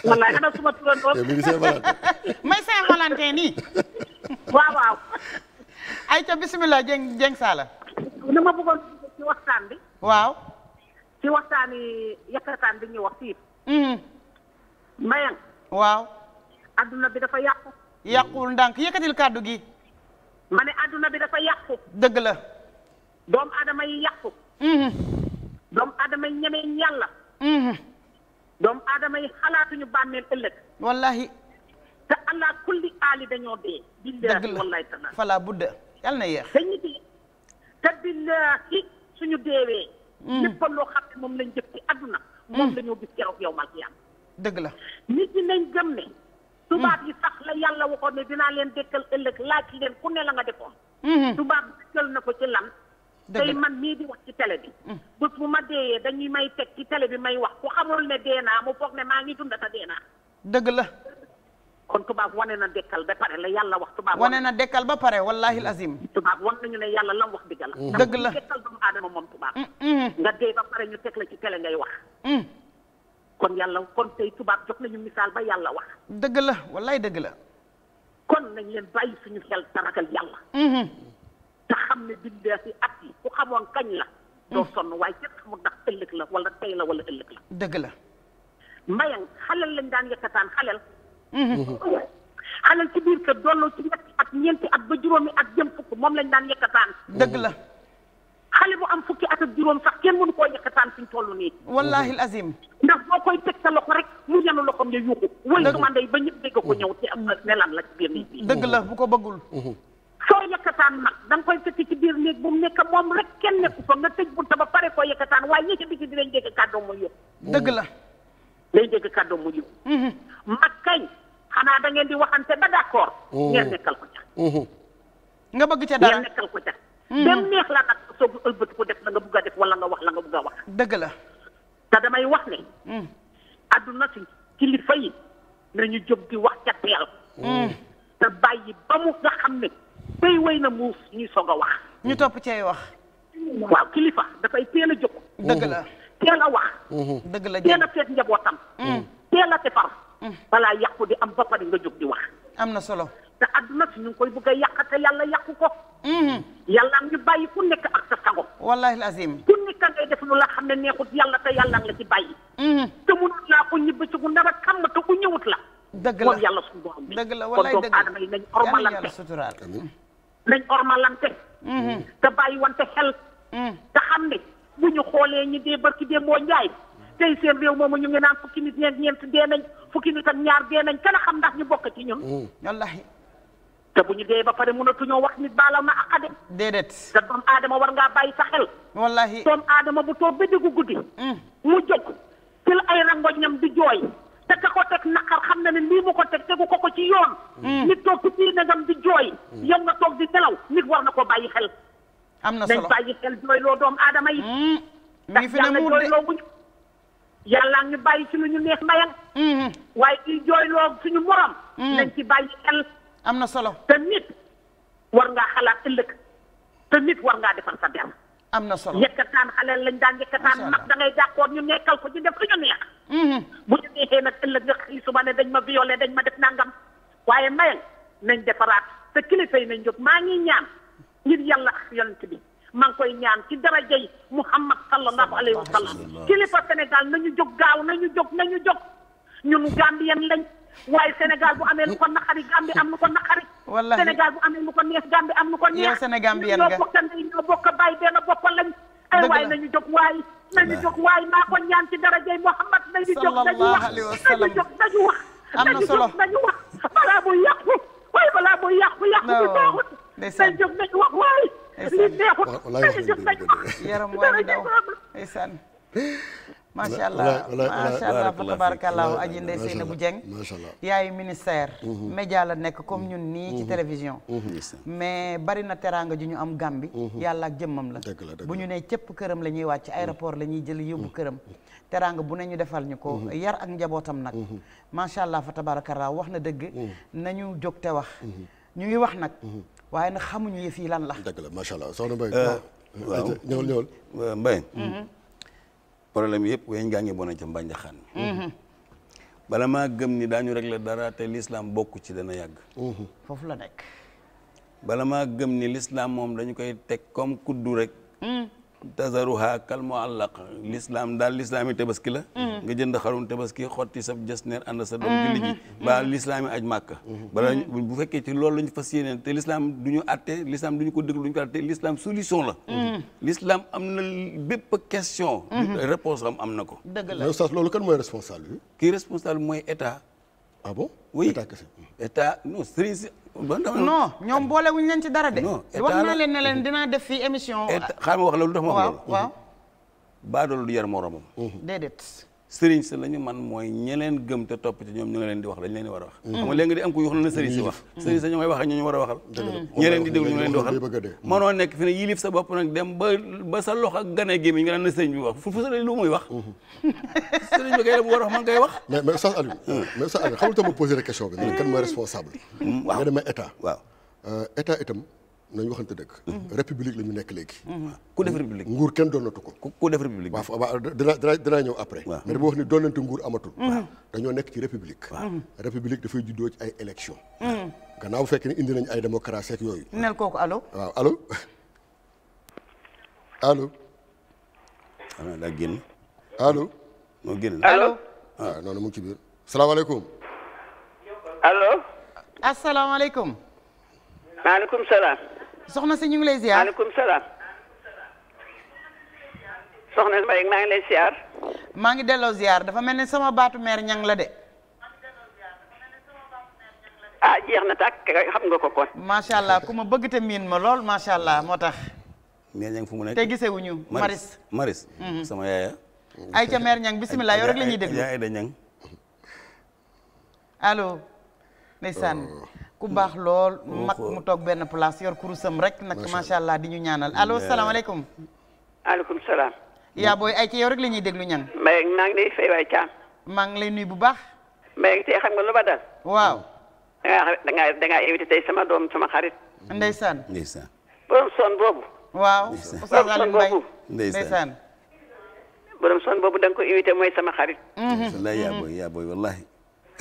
wallaay ana suma turandoo. may Saint Valentin nii. waaw waaw. ayca bisimilah Dieng Dieng Sala. ni ma bëggoon ci waxtaan bi. waaw. ci waxtaan yi yàkkataan bi ñuy wax fii. Mbayang. Mm-hmm. waaw. adduna bi dafa yàqu. yàquwul ndànk yëkkatil kàddu gi. ma àdduna bi dafa yàqu. dëgg la. doomu aadama yi yàqu. Mm-hmm. doomu adama yi ñemeen yàlla. Mm-hmm. doomu aadama yi xalaatuñu bàmmeel ëllëg. wallahi te allah kulli aali dañoo dee. billaahi wallahi taala fala budda yàlla na yéex. dañu dee te billaahi suñu deewee. Mm-hmm. lépp loo moom lañ jëf ci àdduna. Mm-hmm. moom la gis keroog yow mal qiyaam. dëgg la nit ñi nañ gëm ne. tubaab yi sax la yàlla waxoon ne dinaa leen dëkkal ëllëg laaj leen ku ne la nga defoon. tubaab dëkkal na ko ci lan. tey man mii di wax ci tele bi mm. bés bu ma deeyee dañuy may teg ci tele bi may wax ku xamul ne deenaa mu foog ne maa ngi dund te deenaa dëgg la kon tubaab wane na dekkal ba pare la yàlla wax tubaab wane na dekkal ba pare wallahi azim mm. tubaab wan nañu ne yàlla lam wax dëgg la mm. dëgg la dekkal doomu moom tubaab nga dee ba ñu teg la ci tele ngay wax kon yàlla kon tey tubaab jox nañu misaal ba yàlla wax dëgg la wallahi dëgg la kon nañ leen bàyyi suñu xel taragal yàlla mm-hmm. te xam ne bindee si at yi ku xamoon kañ la. doo sonn waaye kenn xamul ndax ëllëg la wala tey la wala ëllëg la. dëgg la. mbayang xalel lañ daan yëkkataan xalel. Mhm. Mhm. xalel ci biir kër dolloo ci ñetti at ñeenti at ba juróomi at jëm fukk moom lañ daan yëkkataan. dëgg la. xale bu am fukki at ak juróom sax kenn mënu koo yëkkataan fi ñu toll nii. wallaahi azim. ndax boo koy teg sa loxo rek mu yenu loxoom ya yuuxu. dëgg la wala ba ñëpp dégg ko ñëw te am ne lan la ci biir nii. dëgg la bu ko bëggul. Mhm. soo yëkkataan nag da nga koy fekk ci biir néeg bu mu nekk moom rek kenn nekku fa nga tëj bunta ba pare koo yëkkataan waaye ñi ci di dinañ dégg kàddu mu yëpp. Mm. dëgg la. day dégg kàddu mu yëpp. Mm-hmm. mag xanaa da ngeen di waxante ba d'accord. Oh. ngeen nekkal mm-hmm. nga bëgg ca dara ngeen ko ca. Mm-hmm. dem la nag soo ëlbati def la nga bugg a def wala nga wax la nga bugg a wax. dëgg la. te damay wax ne. Mm. adduna si kilifa yi nañu jóg di wax ca teel. Mm. te bàyyi ba mu nga xam ne. béy way na muus ñuy soog a wax. ñu topp cay wax. waaw kilifa dafay teel a jóg. dëgg la mm-hmm. teel a wax. Mm-hmm. dëgg la teel a feet njabootam. Mm-hmm. teel a defar. di am ba pare nga jóg di wax. am na solo. te àdduna si ñu ngi koy bëgg a yàq te yàlla yàqu ko. yàlla ngi bàyyi ku nekk ak sa sago. wallaahi azim. ku nekk ngay def lu la xam ne neexut yàlla te yàlla nga la ci bàyyi. te mënul laa ko ñibbi ci gu nar a kàmm te ku ñëwut la. dëgg la moom yàlla suñu borom bi. dëgg la walaay dëgg la kon doomu aadama yi nañ ormalante nañ ormalante. Mm-hmm. te bàyyiwante xel. Mm. te xam ne bu ñu xoolee ñi dee barki dee moo njaay. tey seen réew moomu ñu ngi naan fukki nit ñeent ñeent dee nañ fukki nit ak ñaar dee nañ kana xam ndax ñu bokk ci ñun. Mm. wallaahi. te bu ñu dee ba pare mënatuñoo wax nit baalaw na ak ade. déedéet. te doomu aadama war ngaa bàyyi sa xel. wallaahi doomu aadama bu toog ba diggu guddi. Mm. mu jóg ci la ay rangoñam di jooy. te ka ko teg naqar xam na ne lii mu ko teg tegu ko ko ci yoon. Mm. nit toog ci biir ndegam di jooy. Mm. yow nga toog di nelaw nit war na ko bàyyi xel. am na solo dañ bàyyi xel jooyloo aadama yi. Mm. mi fi ne mu yàlla ngi bàyyi ci lu ñu neex mayal. Mm-hmm. waaye kii jooyloo suñu morom. nañ ci bàyyi xel. am na solo te nit war ngaa xalaat ëllëg te nit war ngaa defar sa der. am na solo yëkkataan xaleel lañ daan yëkkataan mag da ngay d'accord ñu nekkal ko ci def lu ñu neex mm-hmm. bu ñu neexee nag ëllëg nga xëy suba ne dañ ma violé dañ ma def nangam waaye mayal nañ defaraat te kilifa yi nañ jóg maa ngi ñaan ngir yàlla ak yonent bi maa ngi koy ñaan ci darajay Muhammad sallallahu alayhi wa sallam kilifa Sénégal nañu jóg gaaw nañu jóg nañu jóg ñun Gambien lañ waaye Sénégal bu amee lu ko naqari Gambie am lu ko naqari. wallaahi Sénégal bu amee lu ko neex Gambie am lu ko neex. yow Sénégambien nga ñoo bokk ndey ñoo bokk bàyyi benn bopp lañ. dëgg la waaye nañu jóg waay nañu jóg waay maa ko ñaan ci darajay Muhammad nañu jóg nañu wax nañu jóg nañu wax. am na solo nañu jóg nañu wax balaa muy yàqu waaye balaa muy yàqu yàqu bi baaxut. ndeysaan nañu jóg nañu wax waay. li neexut nañu jóg nañu wax. yaram waa daw ndeysaan macha allah macha allah fa tabarakallahu aji ndey Seynabou Dieng yaayu ministère mm-hmm. média la nekk comme ñun nii ci mm-hmm. télévision mm-hmm. mais bari na teraanga ju ñu am Gàmbi yàlla ak jëmmam la bu ñu nee cëpp këram la ñuy wàcc aéroport la ñuy jël yóbbu këram teraanga bu ne ñu defal ñu ko yar ak njabootam nag macha allah fa tabarakallahu wax na dëgg nañu jóg te wax ñu ngi wax nag waaye na xamuñu yëf yi lan la dëgg la macha allah soxna Mbaye euh, ñëwal ñëwal euh, problème yëpp weñ gaa ngi bona ca mbànja xaan mi mhm. bala maa gëm ni daañu régler dara te lislaam bokk ci dana yàgg mhm. foofu la nekk bala maa gëm ni lislaam moom dañu koy teg koom kuddu rek mhm. tazaruha kal muallaq l'islam daal l'islam yi tabaski la mm-hmm. nga jënd xarum tabaski xotti sa jasneer ànd sa doom mm-hmm. julli ji mm-hmm. ba l'islam yi aj màkka bala bu fekkee ci loolu la ñu fas yéeneen te l'islam du ñu atte l'islam du ñu ko déglu du ñu ko atte l'islam solution la l'islam am na bépp question réponse am am na ko dëgg la oustaz loolu kan mooy responsable bi kii responsable mooy état ah bon oui état kese état non sëriñ si non ñoom boole wuñ leen ci dara de. non wax naa leen ne leen dinaa def fii émission. xaaral ma wax la lu tax ma wax loolu. waaw sëriñ si la man mooy ñeleen gëm te topp ci ñoom ñu nga di wax dañu leen di wax mm. xam nga di am ko yox na la sëriñ si wax sëriñ si ñoomay wax ak ñu war a di déglu ñu leen di waxal mënoo nekk fi ne yilif sa bopp nag dem ba sa lox gane gémmiñ nga naan na sëriñ bi wax fu sa lu muy wax mm-hmm. sëriñ bi kay dem war wax man kay wax mais mais Oustaz Aliou mm. mais Oustaz xamul tam ma posé rek question bi mm. kan mooy responsable nga demee état waaw euh, nañ waxante dëgg. Mhm. république la ñu nekk léegi. Mhm. ku def république nguur kenn doonatu ko. ku def république waaw waaw dina dina dina ñëw après. mais dama wax ni doonante nguur amatul. Mhm. dañoo nekk ci république. république dafay juddoo ci ay élection gannaaw bu fekkee ne indi nañ ay démocratie ak yooyu. nel kooku allo. waaw allo allo. xam naa daal génn. allo. moo génn allo. waaw noonu mu ngi ci biir salaamaaleykum. allo. asalaamaaleykum. maaleykum salaam. soxna si ñu ngi lay ziar maaleykum maa ngi lay maa ngi delloo ziar dafa mel ni sama baatu mère ñang la de. ah jeex na tàkk xam nga ko ko macha allah ku ma bëgg te miin ma lool macha allah moo tax. mère ñang fu mu nekk te gisewuñu Maris Maris. Mhm. sama yaaya. ay ca mère ñang bisimilah yow rek la ñuy déglu yaay da ñang ku baax lool mag mu toog benn place yor kurusam rek nag macha allah di ñu ñaanal allo salaamaaleykum. aleykum salaam. yaa booy ay ci yow rek la ñuy déglu ñan. mais maa ngi lay fay waay caam. maa ngi lay nuyu bu baax. mais tey xam nga lu ba dal. waaw. da ngaa da ngaa invité tey sama doom sama xarit. ndeysaan. ndeysaan. borom son boobu. waaw Oustaz Aliou Mbaye ndeysaan. borom boobu da ko invité mooy sama xarit. wallaahi mhm. yaa booy yaa booy wallaahi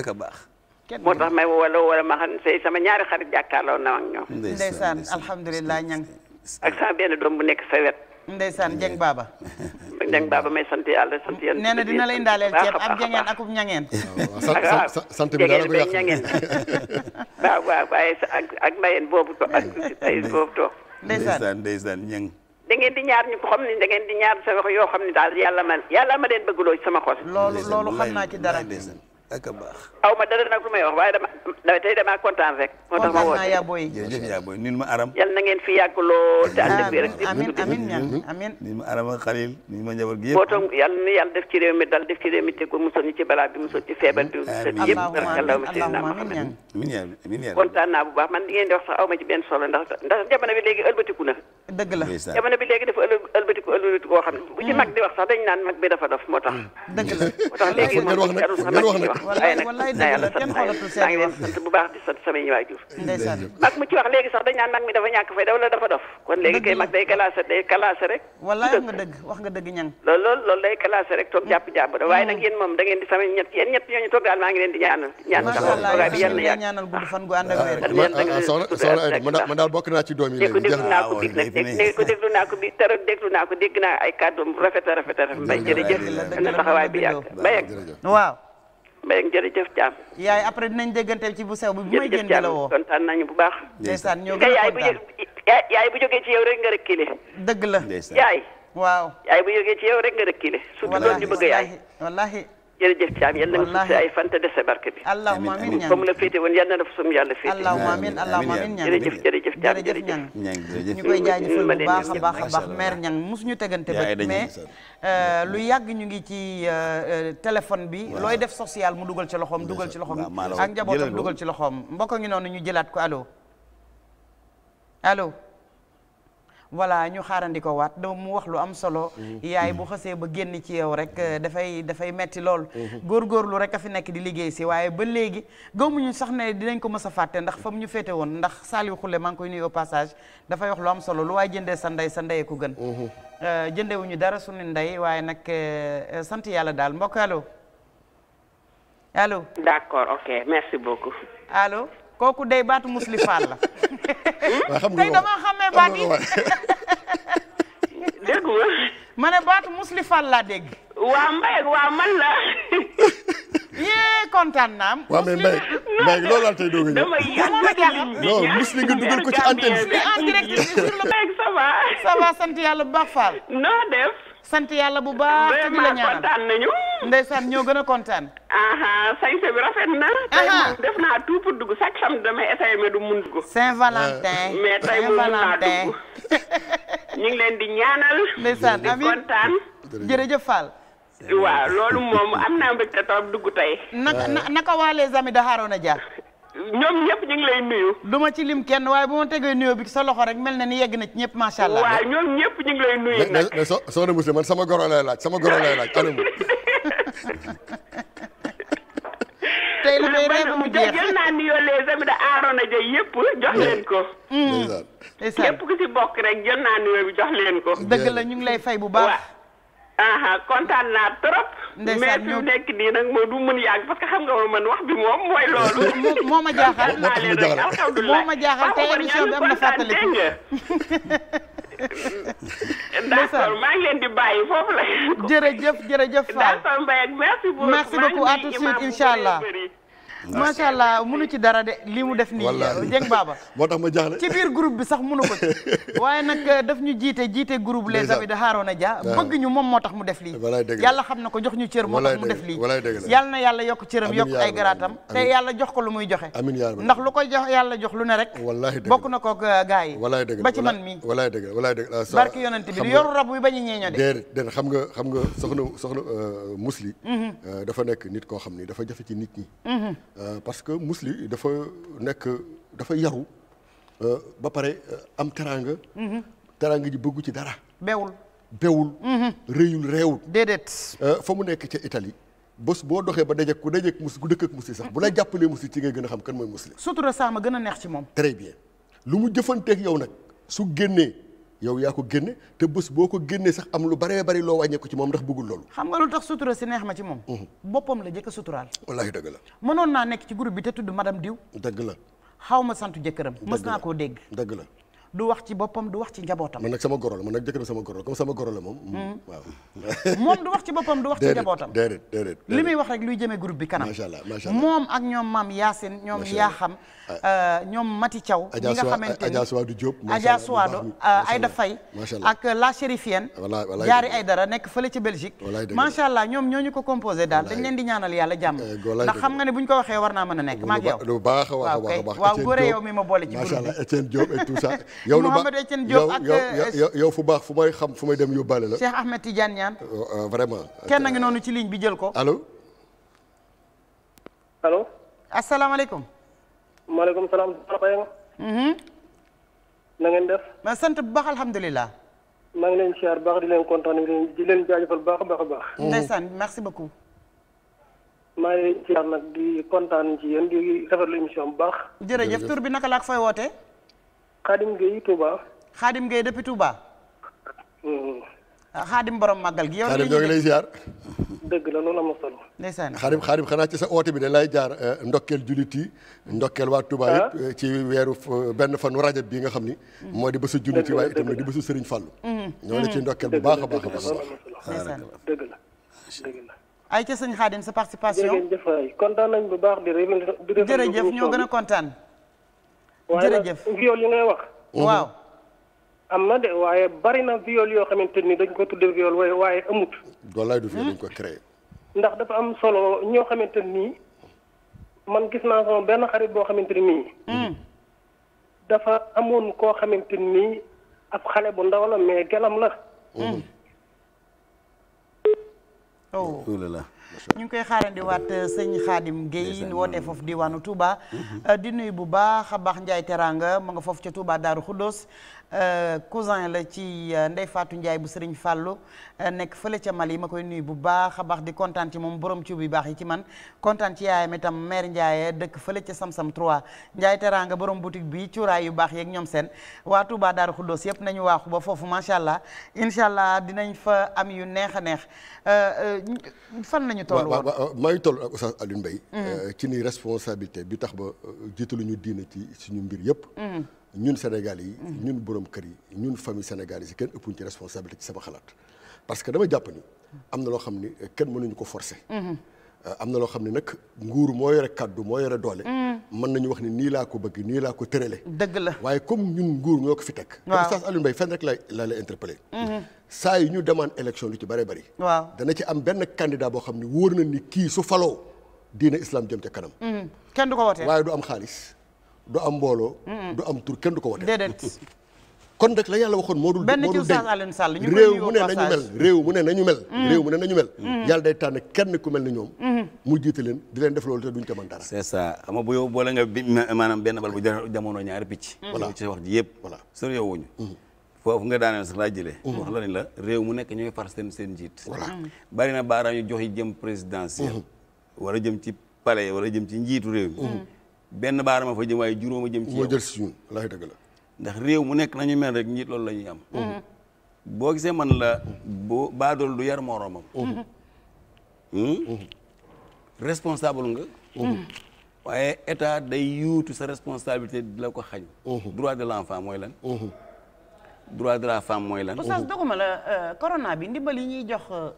a baax. moo tax may wala wala ma xam say sama ñaari xarit jàkkaarloo na ak ñoom. ndeysaan alhamdulilah ñang ak sama benn doom bu nekk sa wet. ndeysaan Dieng Baba. Dieng Baba may sant yàlla sant yàlla. nee na dina lay indaaleel ceeb ak jengeen ñangeen. sant bi dara du yàq ñangeen ak ak mbayeen boobu to ak ay boobu to. ndeysaan ndeysaan ñang da ngeen di ñaar ñu ko xam ne da ngeen di ñaar sa wax yoo xam ne daal yàlla ma yàlla ma leen bëggloo sama xol. loolu loolu xam naa ci dara. ak baax aw ma dara nag lu may wax waaye dama tey damaa kontaan rek. moo tax ma woote kontaan naa yaa booy. jërëjëf yaa booy nin ma aram. yal na ngeen fi yàgg bi rek. amiin na yàlla def ci réew mi dal def ci réew mi ci balaa di wax sax aw ma ci benn solo ndax ndax jamono dëgg la jamono bi léegi dafa ëlbatiku mm. mag di wax sax dañ naan mag bi dafa dof moo tax dëgg la moo tax léegi wallaay dëgg la kenn xoolatul seen maa ngi leen sant bu baax di sant samay waajur ndeysaan mag mu ci wax léegi sax dañ naan mag mi dafa ñàkk fay daw la dafa dof kon léegi kay mag day classé day classé rek wallaay wax nga dëgg wax nga dëgg ñang loolu loolu loolu day classé rek toog jàpp jàpp da waaye nag mm. yéen moom da ngeen di samay ñett yéen ñett ñooñu toog daal maa ngi leen di ñaanal ñaan taxawaay bi yal na yàgg ñaanal gudd fan gu ànd ak ah, wér ah, ah, soxna soxna man daal bokk naa ci doom yi léegi déglu naa ko biig nag ko déglu naa ko biig tara déglu naa ko dégg naa ay kàddoom rafet a rafet a rafet mbay jërëjëf na taxawaay bi yàgg mbay waaw Mbaye jërëjëf Thiam. yaay après dinañ déggante ci bu sew bi bu may génn la woo kontaan nañu bu baax. ndeysaan ñoo gën a yaay bu jógee ci yow rek nga rëkkile. dëgg la yaay. waaw yaay bu jógee ci yow rek nga rëkkile. su doon ñu bëgg yaay wallaahi jërëjëf Thiam yal na nga suuf si ay fan te dese barke bi. allahumma amiin ñaan comme la féete woon yal na la fa sum yàlla féete. allahumma amiin allahumma amiin ñu koy a baax a baax mère ñaan mosuñu tegante ba mais euh, lu yàgg ñu ngi ci euh, euh, téléphone bi looy def social mu dugal ci loxoom dugal ci loxoom ak njabootam dugal ci loxoom mbokk ngi noonu ñu jëlaat ko allo voilà ñu xaarandi ko waat da mu wax lu am solo mhm. yaay mhm. bu xësee ba génn ci yow rek euh, dafay dafay metti lool góor mhm. góorgóorlu rek a fi nekk di liggéey si waaye ba léegi gëmuñu sax ne dinañ ko mës a fàtte ndax fa mu ñu féete woon ndax Saliou Khoule maa koy nuyu au passage dafay wax lu am solo lu waaye jëndee sa ndey sa ndey ku gën euh, jëndewuñu dara suñu ndey waaye nag euh, sant yàlla daal mbokk allo allo d'accord ok merci beaucoup kooku day baatu musli faal la. waaw xam nga baat yi. dégg laa dégg. waa Mbaye waa man la. yee kontaan naam. waaw mais Mbaye Mbaye loolu laa tey doog a ñëw. dama dugal ko ci antenne bi. en direct sur le. ça va. ça baax Fall. sant yàlla bu baax te di la ñaanal kontaan nañu. ndeysaan ñoo gën a kontaan. sañse bi rafet na. tey def naa tout pour dugg chaque samedi damay essayé du mun dugg. Saint-Valentin euh, mais tey moom mun naa dugg. ñu ngi leen di ñaanal. ndeysaan amiin di kontaan. jërëjëf Fall. waaw loolu moom am naa mbégte trop dugg tey. naka naka waa les amis de Harouna Dia. ñoom ñëpp ñu ngi lay nuyu. du ma ci lim kenn waaye bu ma tegee nuyoo bi sa loxo rek mel na ni yegg na ci ñëpp macha allah. waaw ñoom ñëpp ñu ngi lay nuyu nag. mais so soxna Moussa man sama goro lay laaj sama goro lay laaj anamu. tey li may ree ba mu jeex jël naa nuyoo les amis de Arona Dia jox leen ko. Mm. ndeysaan képp bokk rek jël naa nuyoo bi la ñu ngi lay fay bu baax. aha kontaan naa trop. mais fi nekk nii nag moo du mën yàgg parce que xam nga man wax bi moom mooy loolu. moo ma jaaxal moo tax mu jaaxal alhamdulilah moo ma jaaxal te émission bi am na fàttali d'accord maa ngi leen di bàyyi foofu la. jërëjëf jërëjëf jërë jëf Mbaye merci beaucoup merci beaucoup à tout suite incha allah. macha allah munu ci dara de lii mu def nii Dieng Baba moo tax ma jaaxle ci biir groupe bi sax munu ko ci waaye nag euh, daf ñu jiite jiite groupe les amis de Harouna Dia bëgg ñu moom moo tax mu def lii yàlla xam na ko jox ñu cër moo tax mu def lii yàlla na yàlla yokk cëram yokk ay garaatam te yàlla jox ko lu muy joxe ndax lu koy jox yàlla jox lu ne rek bokk na ko euh, gaa yi ba ci man mii walaay dëgg walaay dëgg ah, barki yonent bi yoru rab ba bañu ñeeño de déedéet xam nga xam nga soxna soxna euh, musli mhm. dafa nekk nit koo xam ni dafa jafe ci nit ñi mhm. Euh, parce que Mously dafa nekk dafa yaru euh, ba pare euh, am teraanga. Mhm. teraanga ji bëggu ci dara. bewul bewul. Mhm. réyul réewul. déedéet. fa mu nekk ca Italie bés boo doxee ba dajeek ku dajeek Mously ku dëkk ak sax bu la jàppalee Mously ci ngay gën a xam kan mooy Mously. sutura saa ma gën a neex ci moom. très bien lu mu jëfanteeg yow nag su génnee. yow yaa ko génne te bés boo ko génnee sax am lu baree bari loo wàññeeku ci moom ndax bëggul loolu xam nga lu tax sutura si neex ma ci moom mhm. boppam la jëkk a suturaal wallaahi dëgg la mënoon naa nekk ci groupe bi te tudd madame diw dëgg la xaw ma santu jëkkëram mës naa koo dégg dëgg la du wax ci boppam du wax ci njabootam. man nag sama goro la man nag jëkkëram sama goro la comme sama goro la moom. Hmm. waaw du wax ci boppam du wax ci njabootam. déedéet déedéet li muy wax rek luy jëmee groupe bi kanam. moom ak ñoom maam Yacine ñoom Yaxam ah. euh, ñoom Mati Thiaw. ñi nga xamante ni Adja Suwaadu Diop. Adja Suwaadu Ayda euh, ak la chérifienne. jaari ay dara nekk fële ci Belgique. wallaay allah ñoom ñoo ñu ko composé daal dañ leen di ñaanal yàlla jàmm. Eh, ndax xam nga ne bu ko waxee war naa mën a nekk maak yow. lu baax a baax a baax waaw góore yow ma boole ci groupe yow lu baax yow euh, yow yow fu baax fu may xam fu may dem yóbbaale la. Cheikh Ahmed Tidiane Niane. Euh, euh, vraiment. kenn ngi noonu ci ligne bi jël ko. allo. allo. asalaamaaleykum. salaam. Mhm. na ngeen def. ma sant bu baax alhamdulilah. maa ngi leen siyaar baax di leen kontaan di leen di leen lu baax a baax a baax. Mhm. ndeysaan merci beaucoup. maa ngi leen siyaar nag di kontaan ci yéen di rafetlu émission bu baax. jërëjëf tur bi naka laa ak fooy wootee. Xaadim Gueye Touba. Xaadim Gueye depuis Touba. ah mm-hmm. Xaadim borom màggal gi yow. Xaadim ñoo ngi lay ziar. dëgg la loolu am na Xaadim xanaa ci sa oote bi da lay jaar eh, ndokkeel jullit yi ndokkeel waa Touba yëpp. Ah. Eh, ci weeru eh, benn fanu rajab bi nga xam ni. Mm. moo di bésu jullit yi itam nag di bésu Serigne Fallou. Mm-hmm. ñoo ngi ci mm-hmm. ndokkeel bu baax a baax a baax. dëgg ay ca Xaadim sa participation jërëjëf waay ñoo gën a kontaan jërëjëf waaye viol yi ngay wax. Mhm. waaw. am na de waaye bari na viol yoo xamante ni dañ ko tuddee viol waaye waaye amut. wallaay du fi mhm. dañ ko créé. ndax dafa am solo ñoo xamante nii man gis naa sama benn xarit boo xamante nii. Mhm. dafa amoon koo xamante nii ab xale bu ndaw la mais gelam la. oh. oh. ñu ngi koy xaarandi waat euh, sëñ Xaadim Guèye wootee foofu di diwaanu Touba. Mm-hmm. Euh, di nuyu bu baax a baax Ndiaye Teranga ma nga foofu ca Touba xu dos Euh, cousin la ci euh, Ndeye faatu Ndiaye bu Serigne Fallou euh, nekk fële ca yi ma koy nuy bu baax a baax di kontaan ci moom borom ci bi baax yi ci man kontaan ci yaayam itam mère Ndiaye dëkk fële ca Samsam 3 Ndiaye Teranga borom boutique bi cuuraay yu baax yeeg ñoom seen waatu baa Darou Khoudoss yëpp nañu waaxu ba foofu macha allah incha allah dinañ fa am yu neex a neex fan nañu toll woon waaw maa ngi toll ak Oustaz Alioune Mbaye mm. ci ni responsabilité bi tax ba jiitaluñu diine ci suñu mbir yëpp mm. ñun Sénégal yi ñun borom kër yi ñun famille Sénégal yi si kenn ëppuñ ci responsabilité ci sama xalaat parce que dama jàpp ni am na loo xam ni kenn mënuñu ko forcer mhm. euh, am na loo xam ne nag nguur moo yore kàddu moo yore doole mhm. mën nañu wax ni nii laa ko bëgg nii laa ko tërale dëgg la waaye comme ñun nguur ñoo ko fi teg Oustaz Alioune Mbaye fenn rek la laa la interpellé mhm. saa yi ñu demande élection lu ci bëree bëri waaw dana ci am benn candidat boo xam ne wóor na ni kii su faloo diine islam jëm ca kanam kenn du ko wootee du am mbooloo. du am tur kenn du ko wote. déedéet. kon nag la yàlla waxoon moo dul. benn ci Oustaz Alioune Sall réew mu ne nañu mel réew mu ne nañu mel. Mm-hmm. réew mu mm-hmm. yàlla day tànn kenn ku mel ni ñoom. Mm-hmm. mu jiite leen di leen def loolu te duñ ko mën dara. c'est ça xam nga bu yow boole nga bi maanaam benn bal bu jamono ñaari picc. voilà ci yëpp. voilà sori yow wuñu. foofu nga daaneel sax laa jëlee. wax la ni la réew mu nekk ñooy far seen seen njiit. voilà bari na baaraam yu jox yi jëm présidentiel. wala jëm ci palais wala jëm ci njiitu réew benn baarama fa jëm waaye juróoma jëm ci yow ndax réew mu nekk nañu mel rek njiit loolu la ñuy am mhm. boo gisee man la boo baadool du yar moroomam mhm. Mhm. Hmm? responsable nga waaye état day yuutu sa responsabilité di la ko xañ droit de l'enfant mooy lan droit de la femme mooy lan oustaz doguma la euh, corona bi ndimbal yi ñuy jox euh,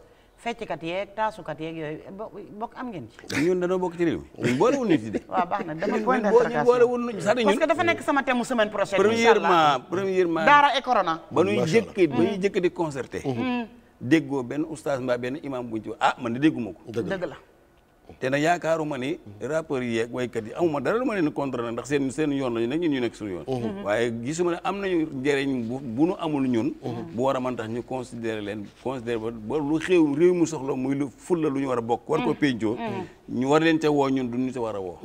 fecckat yeeg taasukat yeeg yooyu eh, bokk am ngeen ci. ñun dañoo bokk ci réew mi ñun boolewul nit yi de. waaw baax na dama point d'interrogation boolewul nit sax parce que dafa nekk sama thème mu semaine prochaine. premièrement premièrement daara et corona. ba nuy jëkk ba ñuy jëkk di concerté. Mm-hmm. déggoo benn oustaz mbaa benn imam bu ñu ci ah man de dégguma ko. dëgg la. te nag yaakaaruma ni rappeurs yi yeeg waykat yi amuma dara lu ma leen contre nag ndax seen seen yoon lañu ne ñun ñu nekk suñu yoon waaye gisuma ne am nañu njëriñ bu nu amul ñun bu war a mën tax ñu considérer leen considérer ba lu xew réew mu soxla muy lu fulla lu ñu war a bokk war ko péncoo ñu war leen ca woo ñun duñu ca war a woo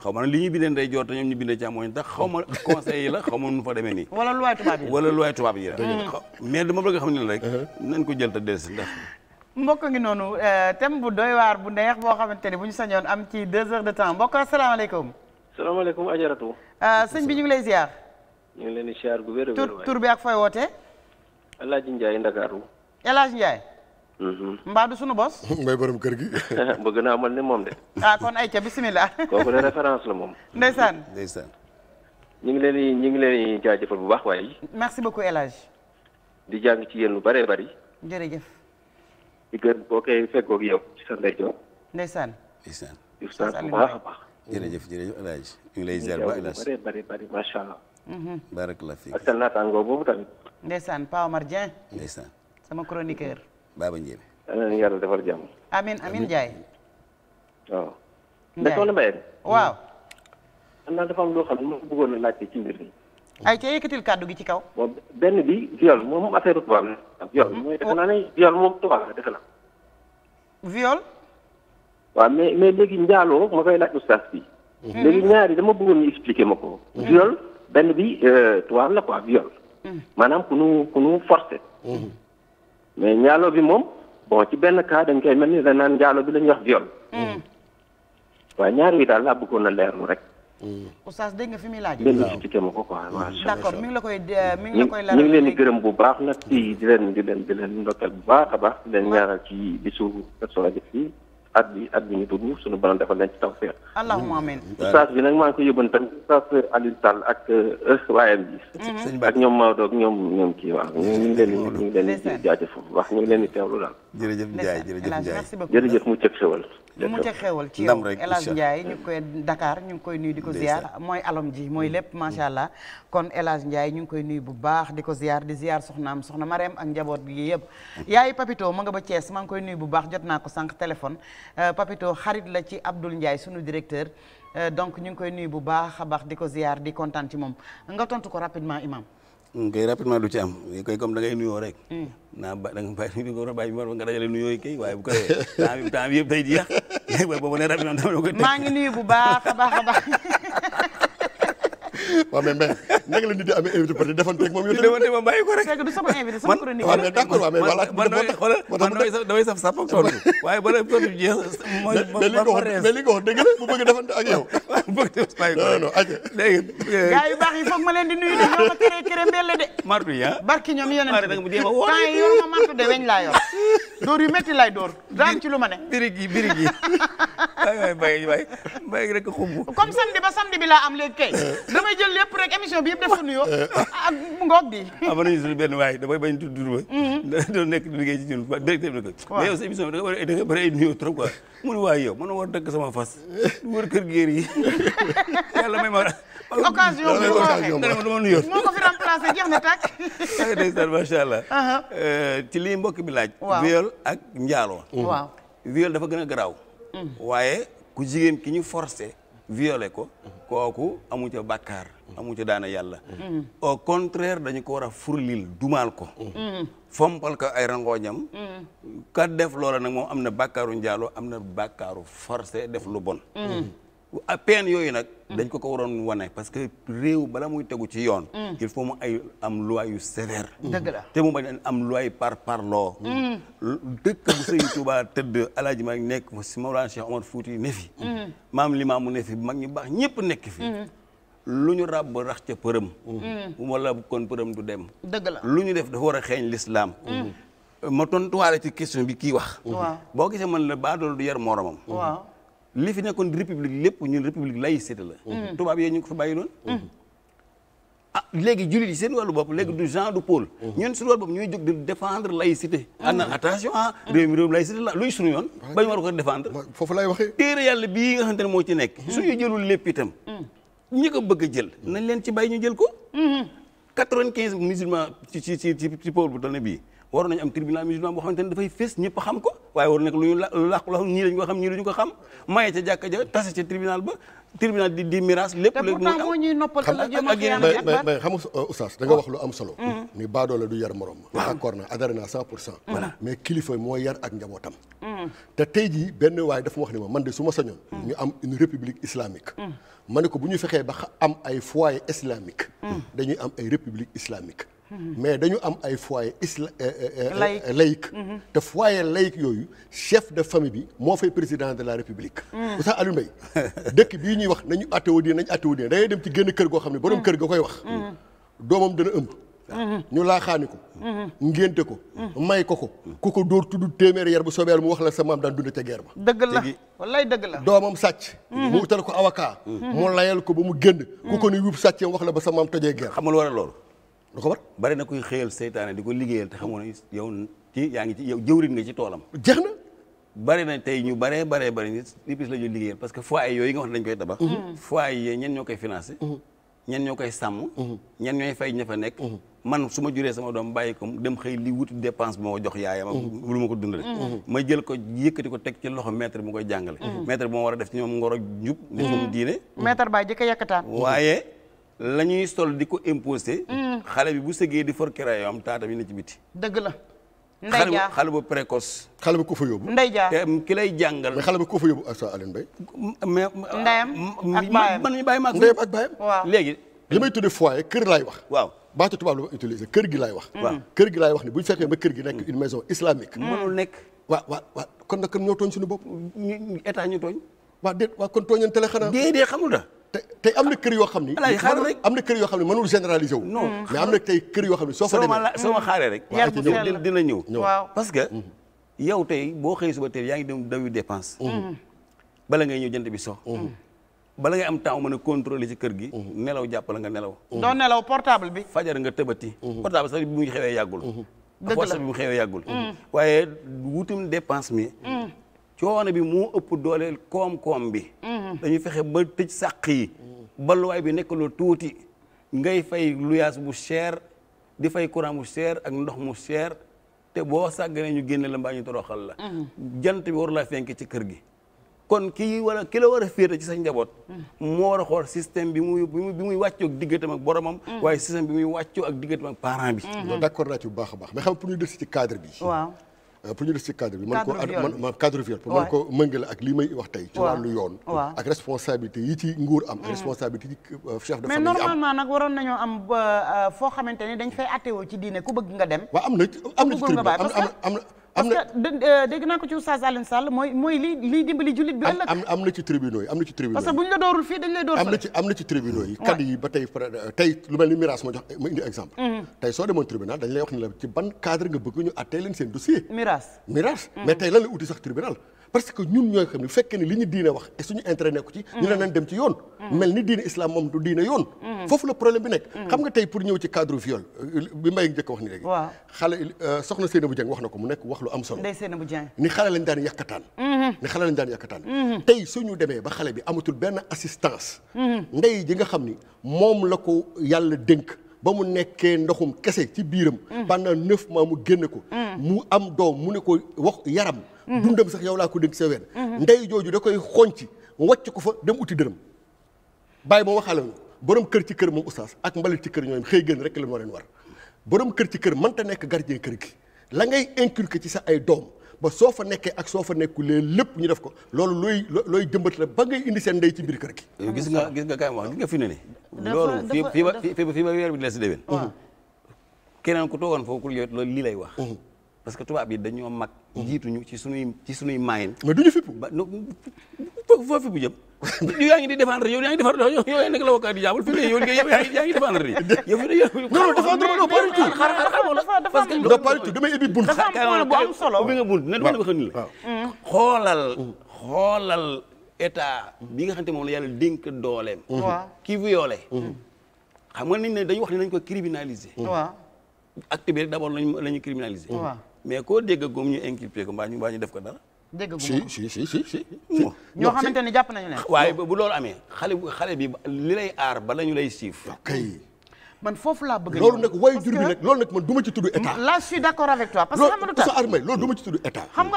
xaw ma nag li ñuy bindee ndey joor te ñoom ñu bindee càmmoñ ndax xaw ma conseil yi la xaw ma nu fa demee nii wala luwaay tubaab tubaab ko jël te mbokk ngi noonu euh, thème bu doy waar bu neex boo xamante ni bu ñu sañoon am ci deux heures de temps mbokk asalaamaaleykum. salaamaaleykum ajaratu. Euh, sëñ bi ñu ngi lay ziar. ñu ngi leen di ziar wér tur bi ak fooy wootee. El Hadj Ndiaye Ndakaaru. El Hadj Ndiaye. Mhm. sunu bos. mooy borom kër gi. bëgg naa man ni moom de. ah kon ayca bisimilah. kooku de référence la moom. ndeysaan ndeysaan. ñu ngi leen di ñu ngi leen di jëfal bu baax waaye. merci beaucoup El di jàng ci yéen lu bëree bëri. jërëjëf. di gërëm boo koy feggoog yow ci sa ndeyjoor. ndeysaan. ndeysaan di sant bu baax a baax. jërëjëf jërëjëf El Hadj ñu ngi lay ziar ba El allah. Mhm. barak la fi ak sa naataangoo boobu tamit. ndeysaan Pa Omar Dieng. ndeysaan sama chroniqueur. Baba Ndiémé. yàlla yàlla defal jàmm. amin waaw. Ndiaye naa dafa am xam ne moom bëggoon na laajte ay ca yëkkatil kàddu gi ci kaw. benn bi viol moom affaire tubaab la. Mm-hmm. Oh. viol moom tubaab la defe naa. viol. waaw mais mais léegi njaaloo ma koy laaj oustaz bi. Mm-hmm. léegi ñaari dama bëggoon ñu expliquer ma ko. Mm-hmm. viol benn bi euh, tubaab la quoi viol. Mm. maanaam ku nu ku nu forcé. mais njaaloo bi moom bon ci benn cas dañ koy mel ni dañ naan njaaloo bi la ñuy wax viol. Mm. waaye ñaari yi daal laa bëggoon a leerlu rek. Mm. oustaz dégg nga fi muy laajee. waaw ngeen expliqué ko quoi. la koy euh, mm. mi koy. la ñu ngi leen di gërëm bu baax nag ci di leen di leen di bu baax a baax di leen ñaanal ci bisu personne bi fii at bi at bi ñu dugg suñu borom defal leen ci tawfeex. allahumma amiin. Mm. bi nag maa ngi koy yóbbu tamit oustaz Alioune ak euh, waayam mm-hmm. bi. ak ñoom Maodo ak ñoom ñoom kii waaw ñu ngi leen di ñu ngi leen di jaajëf bu baax ñu leen di teewlu jërëjëf mu cëg xewal lu mu ca xewal ci yow El Hadj Ndiaye ñu ngi koy Dakar ñu ngi koy nuyu di ko ziar mooy alom ji mooy lépp mm-hmm. macha allah kon El Hadj ñu ngi koy nuyu bu baax di ko ziar di ziar soxnaam soxna Marème ak njaboot gi yëpp mm-hmm. yaay Papito ma nga ba Thiès maa ngi koy nuyu bu baax jot naa ko sànq téléphone euh, Papito xarit la ci Abdoul Ndiaye sunu directeur euh, donc ñu ngi koy nuyu bu baax a baax di ko ziar di kontaan ci moom nga tontu ko rapidement imam kay rapidement du ci am koy comme da ngay nuyoo rek hmm. naa ba da nga bàyyi bi ko bàyyi bi nga dajale nuyoo kay waaye bu ko temps bi temps bi yëpp day jeex boobu ne rapidement maa ngi nuyu bu baax a baax a baax waaw mais naka la nit di amee invité peut-être defanteeg moom yow tamit ma bàyyi ko rek c'est que du sama invité sama chronique waaw ah, mais d'accord waaw mais voilà man damay saf sàpp ak tontu waaye ba léegi tontu jeex mais li nga wax mais li nga wax dëgg la bu bëgg defante ak yow non non ok léegi euh, gars yu baax yi foog ma leen di nuyu de ñoo ma teree kere mbelle de martu ya ah. barki ñoom yonent temps yi yor ma martu de weñ laa yor door yu métti lay door daan ci lu ma ne birig yi birig yi bay bay bay rek xumb comme samedi ba samedi bi laa am léegi kay euh. damay jël lépp rek émission bi yëpp def sa a euh, ak ngoog di amoon nañu suñu benn waay damay bañ tudd ba mm-hmm. doon nekk di liggéey ci ñun directeur bi ne ko mais yow sa émission bi da nga da nga bëri war dëkk sama fas wër kër géer yi yàlla may ma occasion bi occasion bi dama nuyoo moo ko fi remplacé jeex na tàkk ndeysaan macha allah uh-huh. euh, ci li mbokk bi laaj viol ak njaaloo waaw viol dafa gën a garaaw mm. waaye ku jigéen ki ñu forcé violé ko kooku amu ca bàkkaar amu ca daana yàlla mm. au contraire dañu ko war a furlil dumaal ko mm. fompal ko ay rangooñam mm. ka def loola nag moom am na bakkaaru njaaloo am na bakkaaru forcé def lu bon Ah, peine yooyu nag. Mm. dañ ko ko waroon wane parce que réew bala muy tegu ci yoon. Mm. il faut mu ay am loi yu sévère. Mm. dëgg la te mu bañ am loi par parloo. dëkk bu sëñ Touba tëdd alaaji maa nekk si Mawlana Cheikh Omar Fouti ne fi. maam Limaamu ne fi mag ñi baax ñëpp nekk fi. lu ñu ràbb rax ca përëm. wala kon përëm du dem. dëgg lu ñu def dafa war a xeeñ lislaam ma tontuwaale ci question bi kii wax. boo gisee man la baadool du yar moromam. li fi nekkoon république lépp ñun république laïcité la. Mhm. Mhm. tubaab yooyu ñu ko fa bàyyi loon. Mhm. ah léegi jullit yi seen wàllu bopp léegi du genre du pôle. ñun suñu wàllu bopp ñooy jóg di défendre laïcité. am attention ah. réew mi réew la luy suñu yoon. bañ war ko défendre. foofu lay waxee. téere yàlla bii nga xamante ne moo ci nekk. suñu jëlul lépp itam. ñi ko bëgg a jël. nañ leen ci bàyyi ñu jël ko. 95 musulman ci ci ci ci pôle bu doon bii waroon nañu am tribunal musulman xam ko. waaye war nekk lu ñu la lu làqu loo ñii dañu ko xam ñii duñu ko xam maye ca jàkka ja tase ca tribunal ba tribunal di di mirage lépp lépp mais xam euh, da nga wax lu am solo mm. ni baadoo la du yar morom mm. d'accord na adhéré naa cent pour cent mais kilifa moo yar ak njabootam mm. te tey jii benn waaye dafa wax ni ma man de su ma sañoon ñu am une république islamique ma ne ko bu ñu fexee ba am ay foyer islamique dañuy am ay république islamique mais dañu am ay foyer isla euh, euh, euh, laïque mm-hmm. te foyer laïque yooyu chef de famille bi moo fay président de la république mm. Oustaz Alioune Mbaye dëkk bii ñuy wax nañu àttewu diine nañu àttewu diine da ngay dem ci génn kër goo xam ne borom mm. kër ga koy wax mm. doomam dana ëmb mm-hmm. ñu laaxaani ko mm-hmm. ngénte ko may ko ko ku ko dóor tudd téeméeri yar bu soobee mu wax la sa maam daan dund ca guerre ba dëgg la wallaay dëgg la doomam sàcc mu utal ko avocat mu layal ko ba mu génn ku ko ni wub sàccee wax la ba sa maam tojee guerre xamul a loolu lu ko war bari na kuy xëyal seytaane di ko liggéeyal te xamoon ne ci yaa ngi ci yow jëwriñ nga ci toolam. jeex na. bari na tey ñu baree baree bari nit IPRES la ñuy parce que foyer yooyu nga wax dañ koy tabax. Mhm. foyer ñoo koy financé. Mhm. ñen mhm. ñooy fay ña fa nekk. man su ma juree sama doom bàyyi ko dem xëy li wuti dépense bu ma jox yaayam. lu ma ko dundale. ma jël ko yëkkati ko teg ci loxo maître mu koy jàngale. maître bu ma war a def ci ñoom ngoro njub. def ci diine. maître baa jëkk a waaye la sol di ko imposé. Mm. xale bi bu segee di for kere yoo am taata mi na ci biti. dëgg la. ndey jaa xale bu précoce. xale bu ko fa yóbbu. ki lay jàngal. mais xale bu ko fa yóbbu ak sa Alioune Mbaye. mais ndeyam ak baayam man mi bàyyi ba ndeyam ak baayam. waaw li may tuddee foyer kër laay wax. waaw baatu tubaab la ma utiliser kër gi laay wax. waaw mm. kër gi laay wax ni bu ñu fekkee ba kër gi nekk mm. une maison islamique. mënul nekk. waaw waaw waaw kon nag kon ñoo tooñ suñu bopp. état ñu tooñ. waaw kon tooñante la xanaa. déedéet te tey am na kër yoo xam ni. am na kër yoo xam ne mënul généraliser wu. non mais am na tey kër yoo xam ne soo fa demee. soo ma xaaree rek. dina ñëw parce mhm. yow tey boo xëy suba tey yaa ngi dawi dépense. Mhm. Mhm. bala ngay ñëw jënd bi sox. bala ngay am temps mën a contrôler ci kër gi. nelaw jàppal nga nelaw. doo nelaw portable bi. fajar nga tëbati. portable sax bi mu xewee yàggul. dëgg la bi mu xewee yàggul. waaye wutum dépense mi. coono bi moo ëpp dooleel koom-koom bi mhm. dañu fexe ba tëj sàq yi mhm. balluwaay bi nekkaloo lu tuuti ngay fay luyaas bu cher di fay courant bu cher ak ndox mu cher te boo sàgganee ñu génne la mbaa ñu toroxal la mhm. jant bi waru laa fenk ci kër gi kon ki wala ki la war a féete ci sa njaboot moo war a xool système bi muy bi muy wàccoo ak digganteem ak boromam waaye système bi muy wàccoo ak digganteem ak parent bi d'accord naa ci bu baax a baax mais xam pour ñu des ci cadre bi waaw Euh, pour ñu def ci cadre bi man ko man cadre viol pour man ko ak lii may wax tey ci lu yoon ak responsabilité yi ci nguur am mm. responsabilité yi euh, chef de famille am mais normalement nag waroon nañoo am euh, foo xamante ne dañ fay attewoo ci diine ku bëgg nga dem waaw am na am na ci tribunal am na am na parce que euh, ci oustaz mooy mooy lii jullit bi. na ci tribunaux yi am na ci tribunaux yi. parce que bu ñu la doorul fii dañ lay door. am na ci exemple. Mm-hmm. tey soo demoon tribunal dañ lay wax ni la ban cadre nga bëgg ñu àttee leen seen dossier. mirage mirage mm-hmm. mais tey lan la uti sax tribunal. parce que ñun ñooy xam ne fekkee ni li ñu diine wax et suñu intérêt nekku ci ñu ne nañ dem ci yoon mel ni diine islam moom du diine yoon foofu la problème bi nekk xam nga tey pour ñëw ci cadre viol bi mbay njëkk wax ni léegi waaw xale euh, soxna Seynabou Dieng wax na ko mu nekk wax lu am solo ni xale lañ daan yàkkataan mhm. ni xale lañ daan yàkkataan mhm. tey suñu demee ba xale bi amatul benn assistance mhm. ndey ji nga xam ni moom la ko yàlla dénk ba mu nekkee ndoxum kese ci biiram pendant neuf mois mu génne ko mu am doom mu ne ko wax yaram Mm-hmm. dundam sax yow laa ko dégg sa ween mm-hmm. ndey jooju da koy xonci wàcc ko fa dem uti dërëm bàyyi moo waxaale ñu borom kër ci kër moom oustaz ak mbalit ci kër ñoom xëy génn rek la moo leen war borom kër ci kër mënta nekk gardien kër gi la ngay inculquer ci sa ay doom ba soo fa nekkee ak soo fa nekkulee lépp ñu def ko loolu looy looy jëmbat la ba ngay indi seen ndey ci biir kër gi. gis nga gis nga kaay wax gis nga fi ne ne. loolu fii fii ba fii ba weer bi di si déwén. Mm-hmm. keneen ku toogoon foofu loolu lii lay wax. parce que tubaab yi dañoo mag. jiituñu ci sunuy ci sunuy maayin. mais duñu fipp ba foo fippu jëm. yow yaa ngi di défendre yow yaa ngi défendre yow yaa ngi nekk la wokkaat di jaabul fii de yow yaa ngi défendre di yow fii de yow. non non non pas du tout xaaral xaaral parce que non pas du tout damay ubbi bunt. dafa am bu am solo ubbi nga bunt ne dama la waxoon la. xoolal xoolal état bi nga xam te moom la yàlla dénk dooleem. waaw kii violé. xam nga ni ne dañu wax ne nañ ko criminaliser. waaw acte bi rek d'abord lañu lañu criminaliser. waaw mais ko dégg góom ñu inculpé ko mbaa ñu mbaa ñu def ko dara. dégg si si si si si. ñoo xamante ne jàpp nañu leen. waaye bu loolu amee xale bu xale bi li lay aar ba la ñu lay siif. ok. man foofu laa bëgg loolu nag way jur bi nag loolu nag man du ci tudd état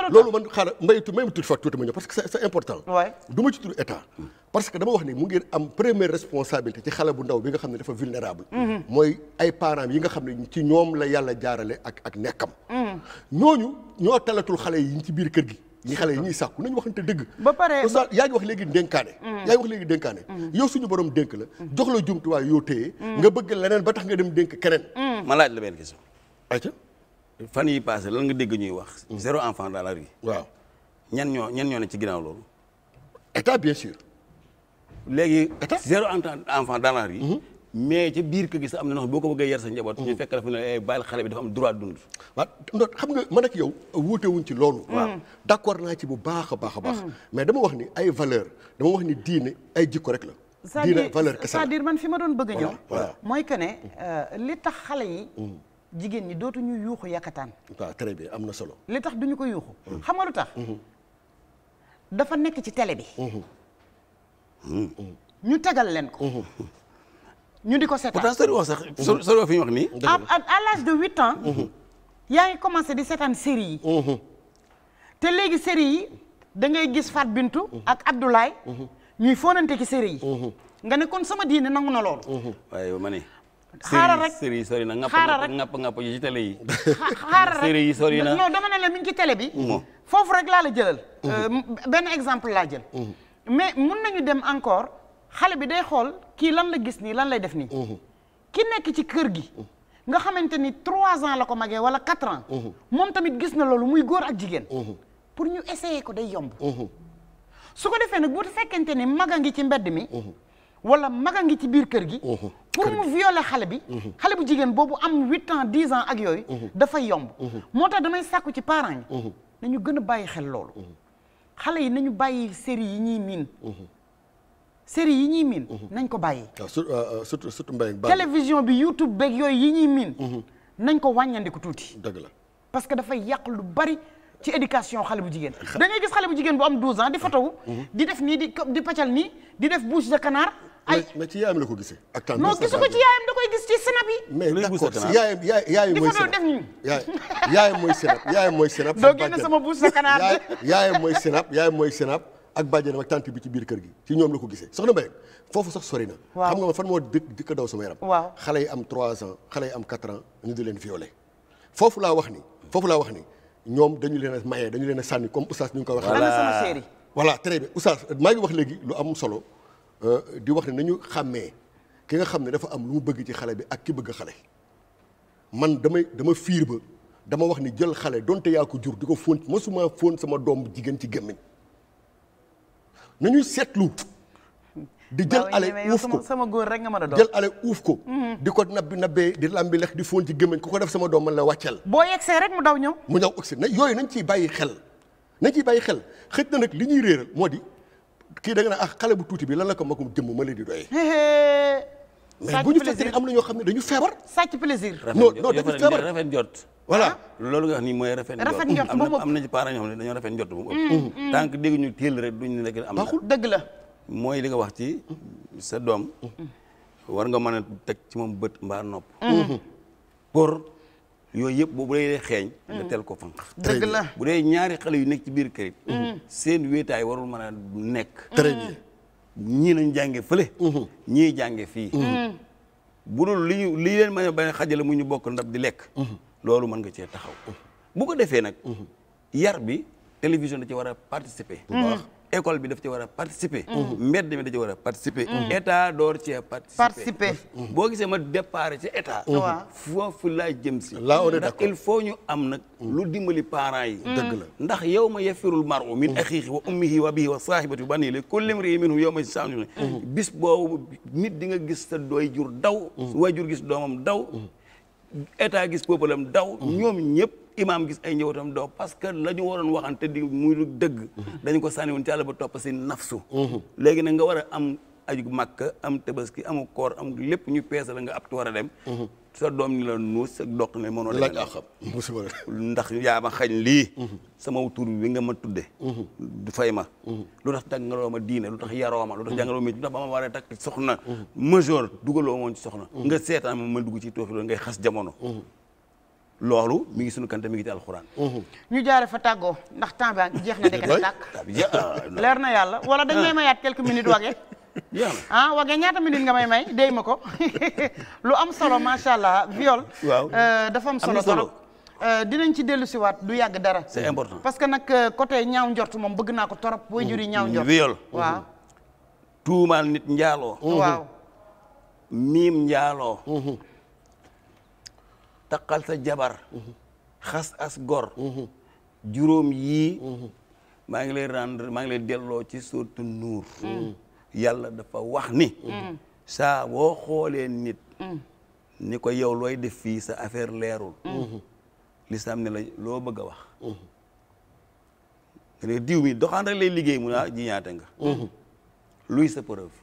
loolu man xaaral mbaytu may ma fa tuuti ma ñëw parce que c'est important du ci tudd état parce que dama wax ni mu ngi am première responsabilité ci xale bu ndaw bi nga xam ne dafa vulnérable mhm. mooy ay parents yi nga xam ne ci ñoom la yàlla jaarale ak ak nekkam mhm. ñooñu ñoo talatul xale yi ci biir kër gi ñi xale yi ñuy wax nañu waxante dëgg ba pare yaa ngi wax léegi dénkaane mm. yaa ngi wax léegi dénkaane mm. yow suñu borom dénk la mm. jox la jumtuwaay yoo téye nga bëgg leneen ba tax nga dem dénk keneen ma laaj la benn question ayca fan yi passé lan nga dégg ñuy wax zéro enfant dans la rue waaw ñan ñoo ñan ñoo ne ci ginnaaw loolu état bien sûr léegi zéro enfant dans la rue mm-hmm. mais ca biir kër gi am na ñoo xam boo ko bëggee yar sa njaboot mm-hmm. ñu fekk la fa ne eh, baal xale bi xam nga man ak yow euh, wuute wuñ ci loolu mm-hmm. waaw d'accord naa ci bu baax a baax a baax mm-hmm. mais dama wax ni ay valeur dama wax ni diine jikko rek la diine valeur kese la cest à man fi ma doon bëgg a ñëw mooy que ne euh, li tax xale yi jigéen ñi dootu ñu yuuxu waaw très bien am na solo li tax duñu ko yuuxu xam nga lu tax dafa nekk ci télé bi ñu tegal leen ko ñu di ko seetaan pourtant sori wax fi ñu wax nii. à l'âge de huit ans. Mm-hmm. yaa ngi commencé di seetaan série yi. Mm-hmm. te léegi série yi da gis Fat Bintu. Mm-hmm. ak Abdoulaye. ñuy fonante ki série yi. nga ne kon sama diine nangu na loolu. waaye ma ne. xaaral rek série sori na nga ngapp ngapp yi nga télé yi. xaaral rek série yi sori na non dama la mi ngi ci bi. foofu rek laa la jëlal. Euh, benn exemple laa jël. mais mun nañu dem encore. xale bi day xool kii lan la gis nii lan lay def nii mhm. ki nekk ci kër gi mhm. nga xamante ni trois ans la ko magee wala quatre ans mhm. moom tamit gis na loolu muy góor ak jigéen pour ñu essayer ko day yomb su ko defee nag bu fekkente ni mag a ngi ci mbedd mi wala mag a ngi ci biir kër gi pour mu violer xale bi xale bu jigéen boobu am huit ans dix ans ak yooyu dafay yomb moo tax damay sàkku ci parents yi nañu gën a bàyyi xel loolu xale yi nañu bàyyi série yi ñuy miin série yi ñuy miin. Mhm. nañ ko bàyyi. Euh, euh, surtout surtout mbay ak télévision bi YouTube beeg yooyu yi ñuy miin. Mhm. nañ ko wàññandiku tuuti. dëgg la parce que dafay yàq lu bari ci éducation xale bu jigéen. da ngay gis xale bu jigéen bu am 12 ans di mhm. di def nii def bouche de canard. ay mais ci yaayam la ko gisee. ak tànn ko ci yaayam da koy gis ci snap yi. mais d'accord yaayam yaayam mooy snap yaayam mooy snap yaayam mooy snap. doo génn sama bouche de canard. yaayam mooy snap yaayam mooy snap. ak bàjjenam ak tante bi ci biir kër gi ci ñoom la ko gisee soxna Mbaye foofu sax sori na xam nga ma fan moo dëkk dëkk daw sama yaram waaw xale yi am trois ans xale yi am quatre ans ñu di leen violé foofu laa wax ni foofu laa wax ni ñoom dañu leen a maye dañu leen a sànni comme oustaz ni ñu ko waxee ana sama voilà très bien oustaz maa ngi wax léegi lu am solo euh, di wax ne nañu xàmmee ki nga xam ne dafa am lu mu bëgg ci xale bi ak ki bëgg xale man damay dama fiir ba dama wax ni jël xale donte yaa ko jur di ko fóon mosuma fóon sama doom jigéen ci gémmiñ nañuy seetlu. di jël ale uuf ko sama góor rek nga mën a ale uuf ko. Mhm. di ko nabbi nabbee di lambi lex di fóon ci gémmiñ ku ko def sama doom man la wàcceel. boo yegsee rek mu daw ñëw. mu ñëw aussi na yooyu nañ ciy bàyyi xel nañ ciy bàyyi xel xëj na nag li ñuy réeral moo di kii da nga ne ah xale bu tuuti bi lan la ko magum jëmm ma leen di doyee. mais bu ñu am na ñoo xam ne dañu feebar. sàcc plaisir. non non dañu feebar jot. voilà ah? loolu nga wax ni mooy rafet njort rafet njort am na ñu parents ñoo xam ne dañoo rafet njort bu ëpp. Mm, mm. tant que dégg ñu teel rek duñ nekk am. taxul dëgg la. mooy li nga wax ci sa doom. war nga mën a teg ci moom bët mbaa nopp. pour mm. yooyu yëpp bu dee xeeñ. nga teel ko fanq. dëgg la bu dee ñaari xale yu nekk ci biir kër. seen wéetaay warul mën a nekk. très ñii nañ jànge fële mhm. ñii jànge fii mhm. mm. bu dul li ñu li leen mën ba bañ xajale mu ñu bokk ndab di lekk mhm. loolu mën nga cee taxaw bu ko defee nag yar bi télévision da ci war a participer école bi daf ci war a participer. Mm-hmm. Mm-hmm. mbedd mi da ci war a participer. Mm-hmm. état door cee participer. boo gisee ma départ ci état. waaw foofu laa jëm si. ndax il faut ñu am nag. lu dimbali parents yi. dëgg la ndax yow ma yafirul mar'u min axiihi wa ummihi wa abiihi wa saahibatihi wa baniihi li kulli imri'in minhum yawma sha'nun bis boobu nit di nga gis sa doy jur daw. waajur gis doomam daw. état gis peuple daw. ñoom ñëpp. imaam gis ay njëwatam doo parce que la ñu waroon waxante di muy lu dëgg dañu ko sànniwoon ci àll ba topp si nafsu léegi nag nga war a am aju màkka am tabaski amu koor am lépp ñu peese la nga ab tu war a dem sa doom ni la nuus sa doq ne mënoo la ndax yaa ma xañ lii mhm. sama tur bi nga ma tudde mhm. du fay ma mhm. lu tax jàngaloo ma diine lu tax yaroo ma lu tax jàngaloo mi lu tax ba ma waree takk soxna major dugaloo moon ci soxna nga seetaan ma ma dugg ci toofi loolu ngay xas jamono loolu mu ngi sunu kante mi ngi ci alxuraan. Mhm. ñu jaare fa tàggoo ndax temps bi jeex na dëkk ah, leer na yàlla wala dañ may mayaat quelques minutes wage ah wage ñaata minutes nga may may déy ma ko lu am solo macha allah viol waaw euh, dafa am solo trop euh, dinañ ci dellu siwaat du yàgg dara c'est important parce que nag euh, côté ñaaw njort moom bëgg naa ko trop booy juri ñaaw njort viol waaw mhm. tuumaal nit njaaloo waaw mhm. miim njaaloo taqal sa jabar mhm. xas as gor mhm. juróom yii mhm. maa ngi lay rendre maa ngi lay delloo ci surtu nuur yàlla dafa wax ni saa boo xoolee nit ni ko yow looy def fii sa affaire leerul lislaam ne la loo bëgg a wax nga diw mi doxaan rek lay liggéey mun a ah, jiñaate nga luy sa preuve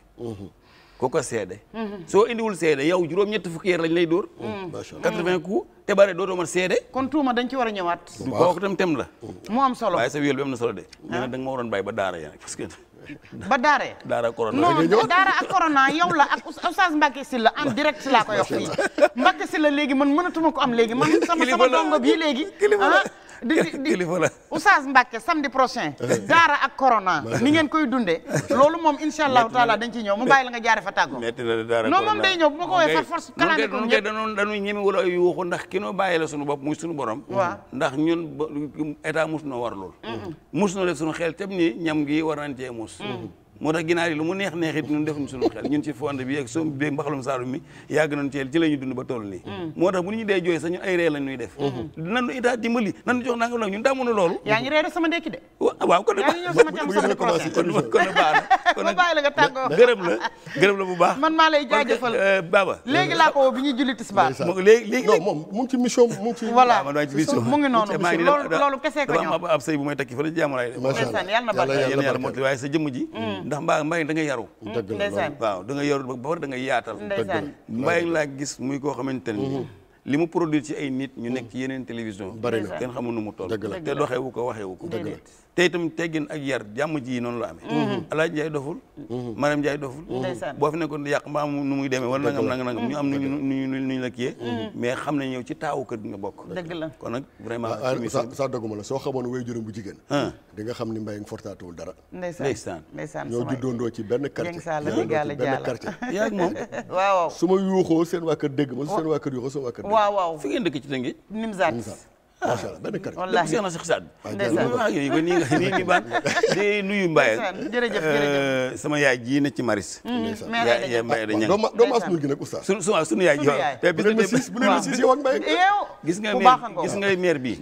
ku ko seede mhm. soo indiwul seede yow juróom-ñetti fukki yar lañ lay dóor mhm. mm. quatre-vingts coups te bare dootoo mën seede kon tuuma dañ ci war a ñëwaat kooku tam tem la mm. mu am solo waaye sa wiyel bi am na solo de ah. nee na da nga ma waroon bàyyi ba daara ya parce que ba daare daara a non daara ak corona yow la a oustaz Mbacke Sylla en direct laa ko yox fii Mbacke Sylla léegi man mënatuma am léegi man sama sama dongo bii léegi di di Oustaz Mbacke samedi prochain daara ak corona ni ngeen koy dundee loolu moom insha allahu taala dañ ci ñëw mu bàyyi la nga jaare fa tàggoo metti na daara non moom day ñëw bu ma ko wooyee far force kalaane ko ñëpp danoon ñeme wala yuuxu ndax ki bàyyi la suñu bopp muy suñu borom waaw ndax ñun état mus noo war lool mus noo def suñu xeel tam ni ñam gi war nañ cee mus moo tax ginaar yi lu mu neex neexit ñun defuñ la ñuy dund ba toll nii mm. moo tax bu ñu dee jooy sax ñun ay ree lañ ñuy def mm-hmm. nanu état dimbali nanu jox nanga ñun daa mën a loolu la nga tàggoo gërëm la gërëm la bu baax man maa lay jaajëfal euh, baba léegi laa ko woo bi ñuy julli tisbaar léegi léegi non moom mu ngi ci mission mu ngi ci voilà mu ngi noonu loolu kese ko ñoom ab sëy bu may takki fa la jaamu laay def yàlla na baax yàlla mottali waaye sa jëmm ji mm. ndax mbaa mbayang da nga yaru waaw da nga yaru ba pare da nga yaatal mbayang laa gis muy koo xamante ne mm-hmm. li mu produire ci ay nit ñu nekk ci yeneen télévision kenn xamul nu mu toll te doxewu ko waxewu ko te itam teggin ak yar jàmm ji noonu la amee mm-hmm. Alaaji Njaay doful mm-hmm. Maram Njaay doful boo fi nekkoon yàq mbaam nu muy demee wala nangam nangam nangam ñu am nuñu nuñu nuñu la kiyee mm-hmm. mais xam nañ yow ci taawu kër nga bokk dëgg la kon nag vraiment ah, ah, sa daguma la soo xamoon way juróom bu jigéen ah. di nga xam ni mbay nga fortaatuwul dara ndeysaan ndeysaan ñoo juddoondoo ci benn quartier benn quartier yaa ak moom waaw ma yuuxoo seen waa kër dégg ma seen waa kër yuuxoo seen waa kër waaw waaw fi ngeen dëkk ci tëngi macha allah benn kër wallaahi lépp bi. yooyu ba nii nga nii ngi baan di euh, sama yaay ji na ci Maris. Mm, mais yaa yaa Mbaye dañu. waaw doo ma asnul gi nag oustaz. su su yaay bu siis bu leen siis yow ak Mbaye. gis nga maire gis nga maire bi.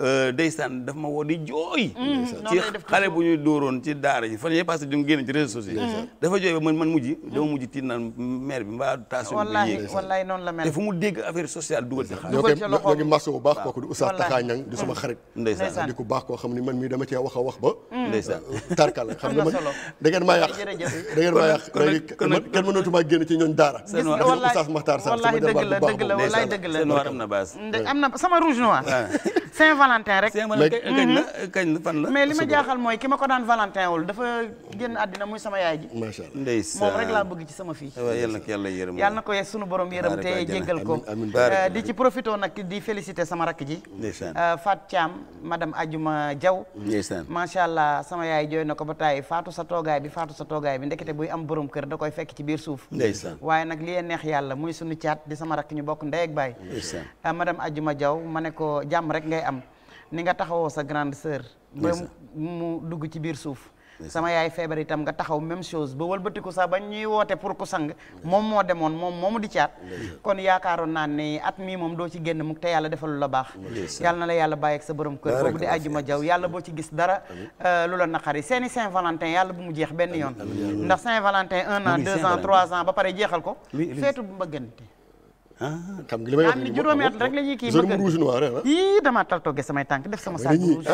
Euh, ndeysaan daf ma woo di jooy. Mm, ci xale bu ñuy dóoroon ci daara ji fan yii passé ñu génn ci réseaux sociaux yi. dafa jooy ba man man mujj mm. dama mujj tiit naan maire bi mbaa tension bi. wallaahi la fu mu dégg affaire sociale dugal ci xaalis. kooku di Oustaz Taxa Ñang di suma mm. xarit di ku baax koo xam ni man mii dama a wax a wax ba mm. tarkal xam nga man da ngeen maa yàq da ngeen maa yàq léegi kenn mënatuma génn ci ñooñ daara dafa Oustaz Makhtar Sarr sama jabar bu baax noir am na base am na sama rouge noir ah. Saint Valentin rek kañ la kañ la fan la mais li ma jaaxal muy sama yaay moom rek laa bëgg ci sama fii yàlla na ko yàlla sunu borom yërëm te jéggal ko euh, di ci profité nag di félicité sama rakk ji. ndeysaan euh, Fatou Thiam madame Ajuma Diaw. ndeysaan macha allah sama yaay jooy na ko ba taay faatu sa toogaay bi faatu sa toogaay bi ndekete buy am borom kër da koy fekk ci biir suuf. ndeysaan waaye nag li neex yàlla muy sunu caat di sama rakk ñu bokk ndey ak baay. ndeysaan euh, madame Ajuma Diaw ma ne ko jàmm rek ngay am ni nga taxawoo sa grande sœur. mu dugg ci biir suuf. sama yaay feebar itam nga taxaw même chose ba ku sax ba ñuy woote pour ku sang moom moo demoon moom moomu di caat kon yaakaaroon naa ne at mii moom doo ci génn mukk te yàlla defalu la baax yàlla na la yàlla bàyyi ak sa borom kër boobu di àjjuma jaw yàlla boo ci gis dara euh, lu la naqari seeni Saint Valentin yàlla bu mu jeex benn yoon ndax Saint Valentin un an deux ans trois ans ba pare jeexal ko feetu bu mbëggante xam nga li may wax ni rek la ñuy kii bëgg rouge noir yii damaa tal toggee samay tànk def sama saak rouge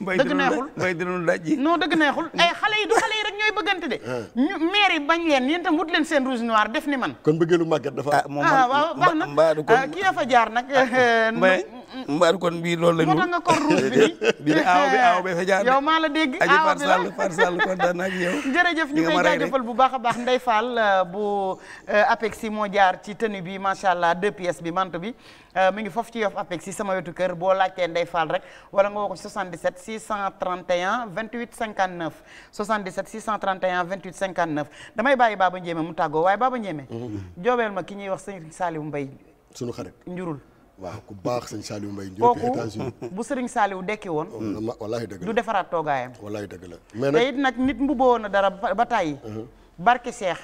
dëgg neexul bay dinañu daj non dëgg neexul ay xale yi du xale yi rek ñooy bëggante de ñu maire yi bañ leen yéen tam wut seen rouge noir def ni man kon bëggeelu màggat dafa ah waaw baax na kii a fa jaar nag mbaar kon bii loolu la ñu. moo tax nga kor ruus bi bii aaw bi aaw bi fa jaar yow maa la dégg aaw bi la aji Far Sall kontaan naa ak yow. jërëjëf ñu koy jaajëfal bu baax a baax Ndeye faal euh, bu euh, APEXI moo jaar ci tenue bi macha allah deux pièces bi mant bi. Euh, mi ngi foofu ci Yoff APEXI sama wetu kër boo laajtee Ndeye faal rek wala nga woo ko 77 631 28 59 77 631 28 59 damay bàyyi Baba Ndiémé mu tàggoo waaye Baba Ndiémé. Mm-hmm. joobeel ma ki ñuy wax sëñ Saliou Mbaye. sunu xarit njurul. waaw ku baax sëñ Saliou mbay kooku bu sëriñ Saliou dekki woon mm. wallaahi dëgg la du defaraat toogaayam wallaahi dëgg la mais nag tey nag nit mbuboo woon na dara ba tàyyi barki Seex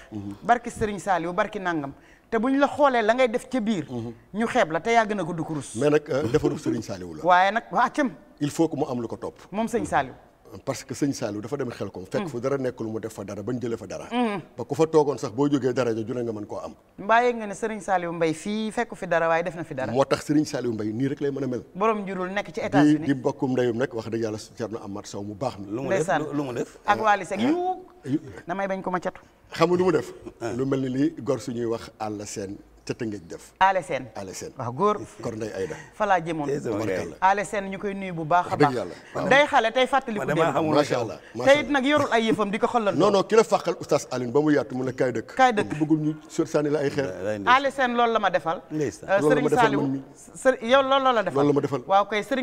barki sëriñ Saliou barki nangam te bu ñu la xoolee la ngay def ca biir mm-hmm. ñu xeeb la te yaa gën a gudd kurus mais nag euh, defaru sëriñ Saliou la waaye nag waa cëm il faut que mu am lu ko topp moom sëñ saaliw parce que sëñ Saliou dafa dem xel kom fekk mm. fu dara nekkul mu def fa dara bañ jëlee fa dara mm. ba ku fa toogoon sax boo jógee dara ja nga mën koo am mbàyyi nga ne sëriñ Saliou Mbaye fii fekku fi dara waaye def na fi dara moo tax sëriñ Saliou Mbaye nii rek lay mën a mel borom jurul nekk ci États-Unis di mbokkum ndeyum nag wax dëgg yàlla Thierno Amath Sow mu baax mi lu mu def ak Wally Seck damay bañ ko ma catu xam mu def lu mel ni lii gor suñuy ca Tëngéej def. Alé Sène Alé Sène waaw góor kor Ndeye Aida. fa laa jëmoon Alé Sène ñu koy nuyu bu baax a baax. day xale tey fàttaliku dem macha allah tey nag yorul ay yëfam di ko xollal non non ki la fàqal oustaz Aline ba mu yaatu mu ne kaay dëkk kaay dëkk bëggul ñu sànni la ay xeer Alé Sène loolu la ma defal sëriñ euh, Saliou yow loolu la defal loolu la ma defal waaw kay eh, eh,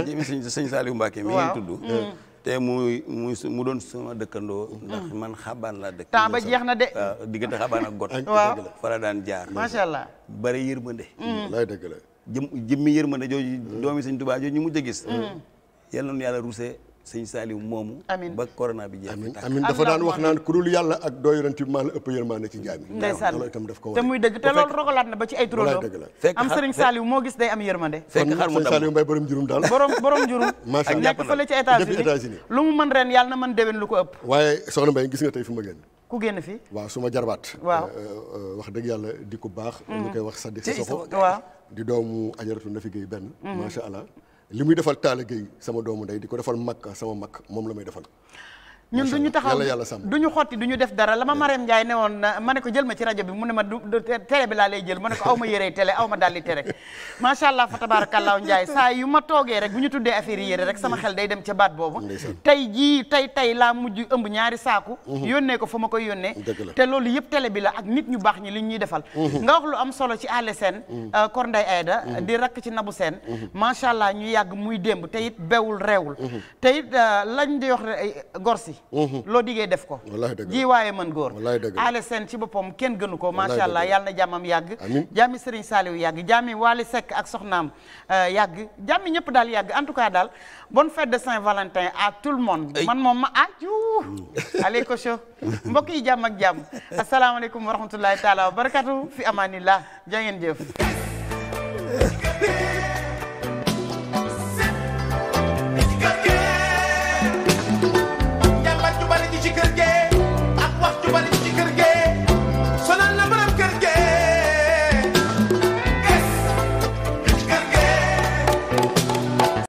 eh? mi ngi tudd mm. te mu mu mu doon sama dëkkandoo. ndax man xaban laa dëkk. temps ba jeex na de. waaw diggante xabaan ak got. waaw fara daan jaar. macha allah bari yërmande. Mm. laay dëgg la. jëm jëmmi yërmande jooju mm. doomi Sëñ Tuubaa jooju ñu a gis. Mm. yal na nu yàlla sëñ Saliou moomu. amiin ba corona bi jeex. amiin amiin dafa daan wax naan ku dul yàlla ak doo yonent bi maa la ëpp yërmande ci jaam yi. ndeysaan loolu itam daf ko wane. te muy dëgg te loolu rogalaat na ba ci ay turandoo. am sëriñ Saliou moo gis day am yërmande. fekk xar mu ndaw kon borom jurum daal. borom borom jurum. macha ci États-Unis lu mu mën ren yàlla na mën déwén lu ko ëpp. waaye soxna Mbaye gis nga tey fi ma génn ku génn fii waaw su ma jarbaat waaw euh, euh, dëgg yàlla di mm. ko li muy defal Talla Gueye sama doomu ndey di ko defal Makka sama mag moom la may defal ñun du ñu taxaw du ñu xotti du ñu def dara la ma Marème Ndiaye ne woon ma ne ko jël ma ci rajo bi mu ne ma du télé bi laa lay jël ma ne ko aw ma yëree tele aw ma dalli tere macha allah fa tabaarakallaahu Ndiaye saa yu ma toogee rek bu ñu tuddee affaire yére rek sama xel day dem ca baat boobu tey jii tey tey laa mujj ëmb ñaari saaku mhm. yónnee ko fa ma koy yónnee te loolu yëpp télé bi la ak nit ñu baax ñi li ñuy defal mhm. nga wax lu am solo ci Alé Sène Kor mhm. euh, Ndeye Aïda di rakk ci Nabou Sène macha allah ñu yàgg muy démb te it reewul te euh, lañ di wax gorsi Mm-hmm. loo diggee def ko ji waaye mën góor aale seen ci boppam kenn gënu ko macha allah yàlla na yàgg jàmmi Serigne Saliou yàgg jàmmi Waly Seck ak soxnaam euh, yàgg jàmmi ñëpp daal yàgg en tout cas daal bon fête de Saint-Valentin à tout le monde man moom ma aju ah, mm. allez cocho mbokk yi jàmm ak jàmm asalaamaaleykum wa rahmatullahi taala wa barakatu fi amaanillah jaa ngeen jëf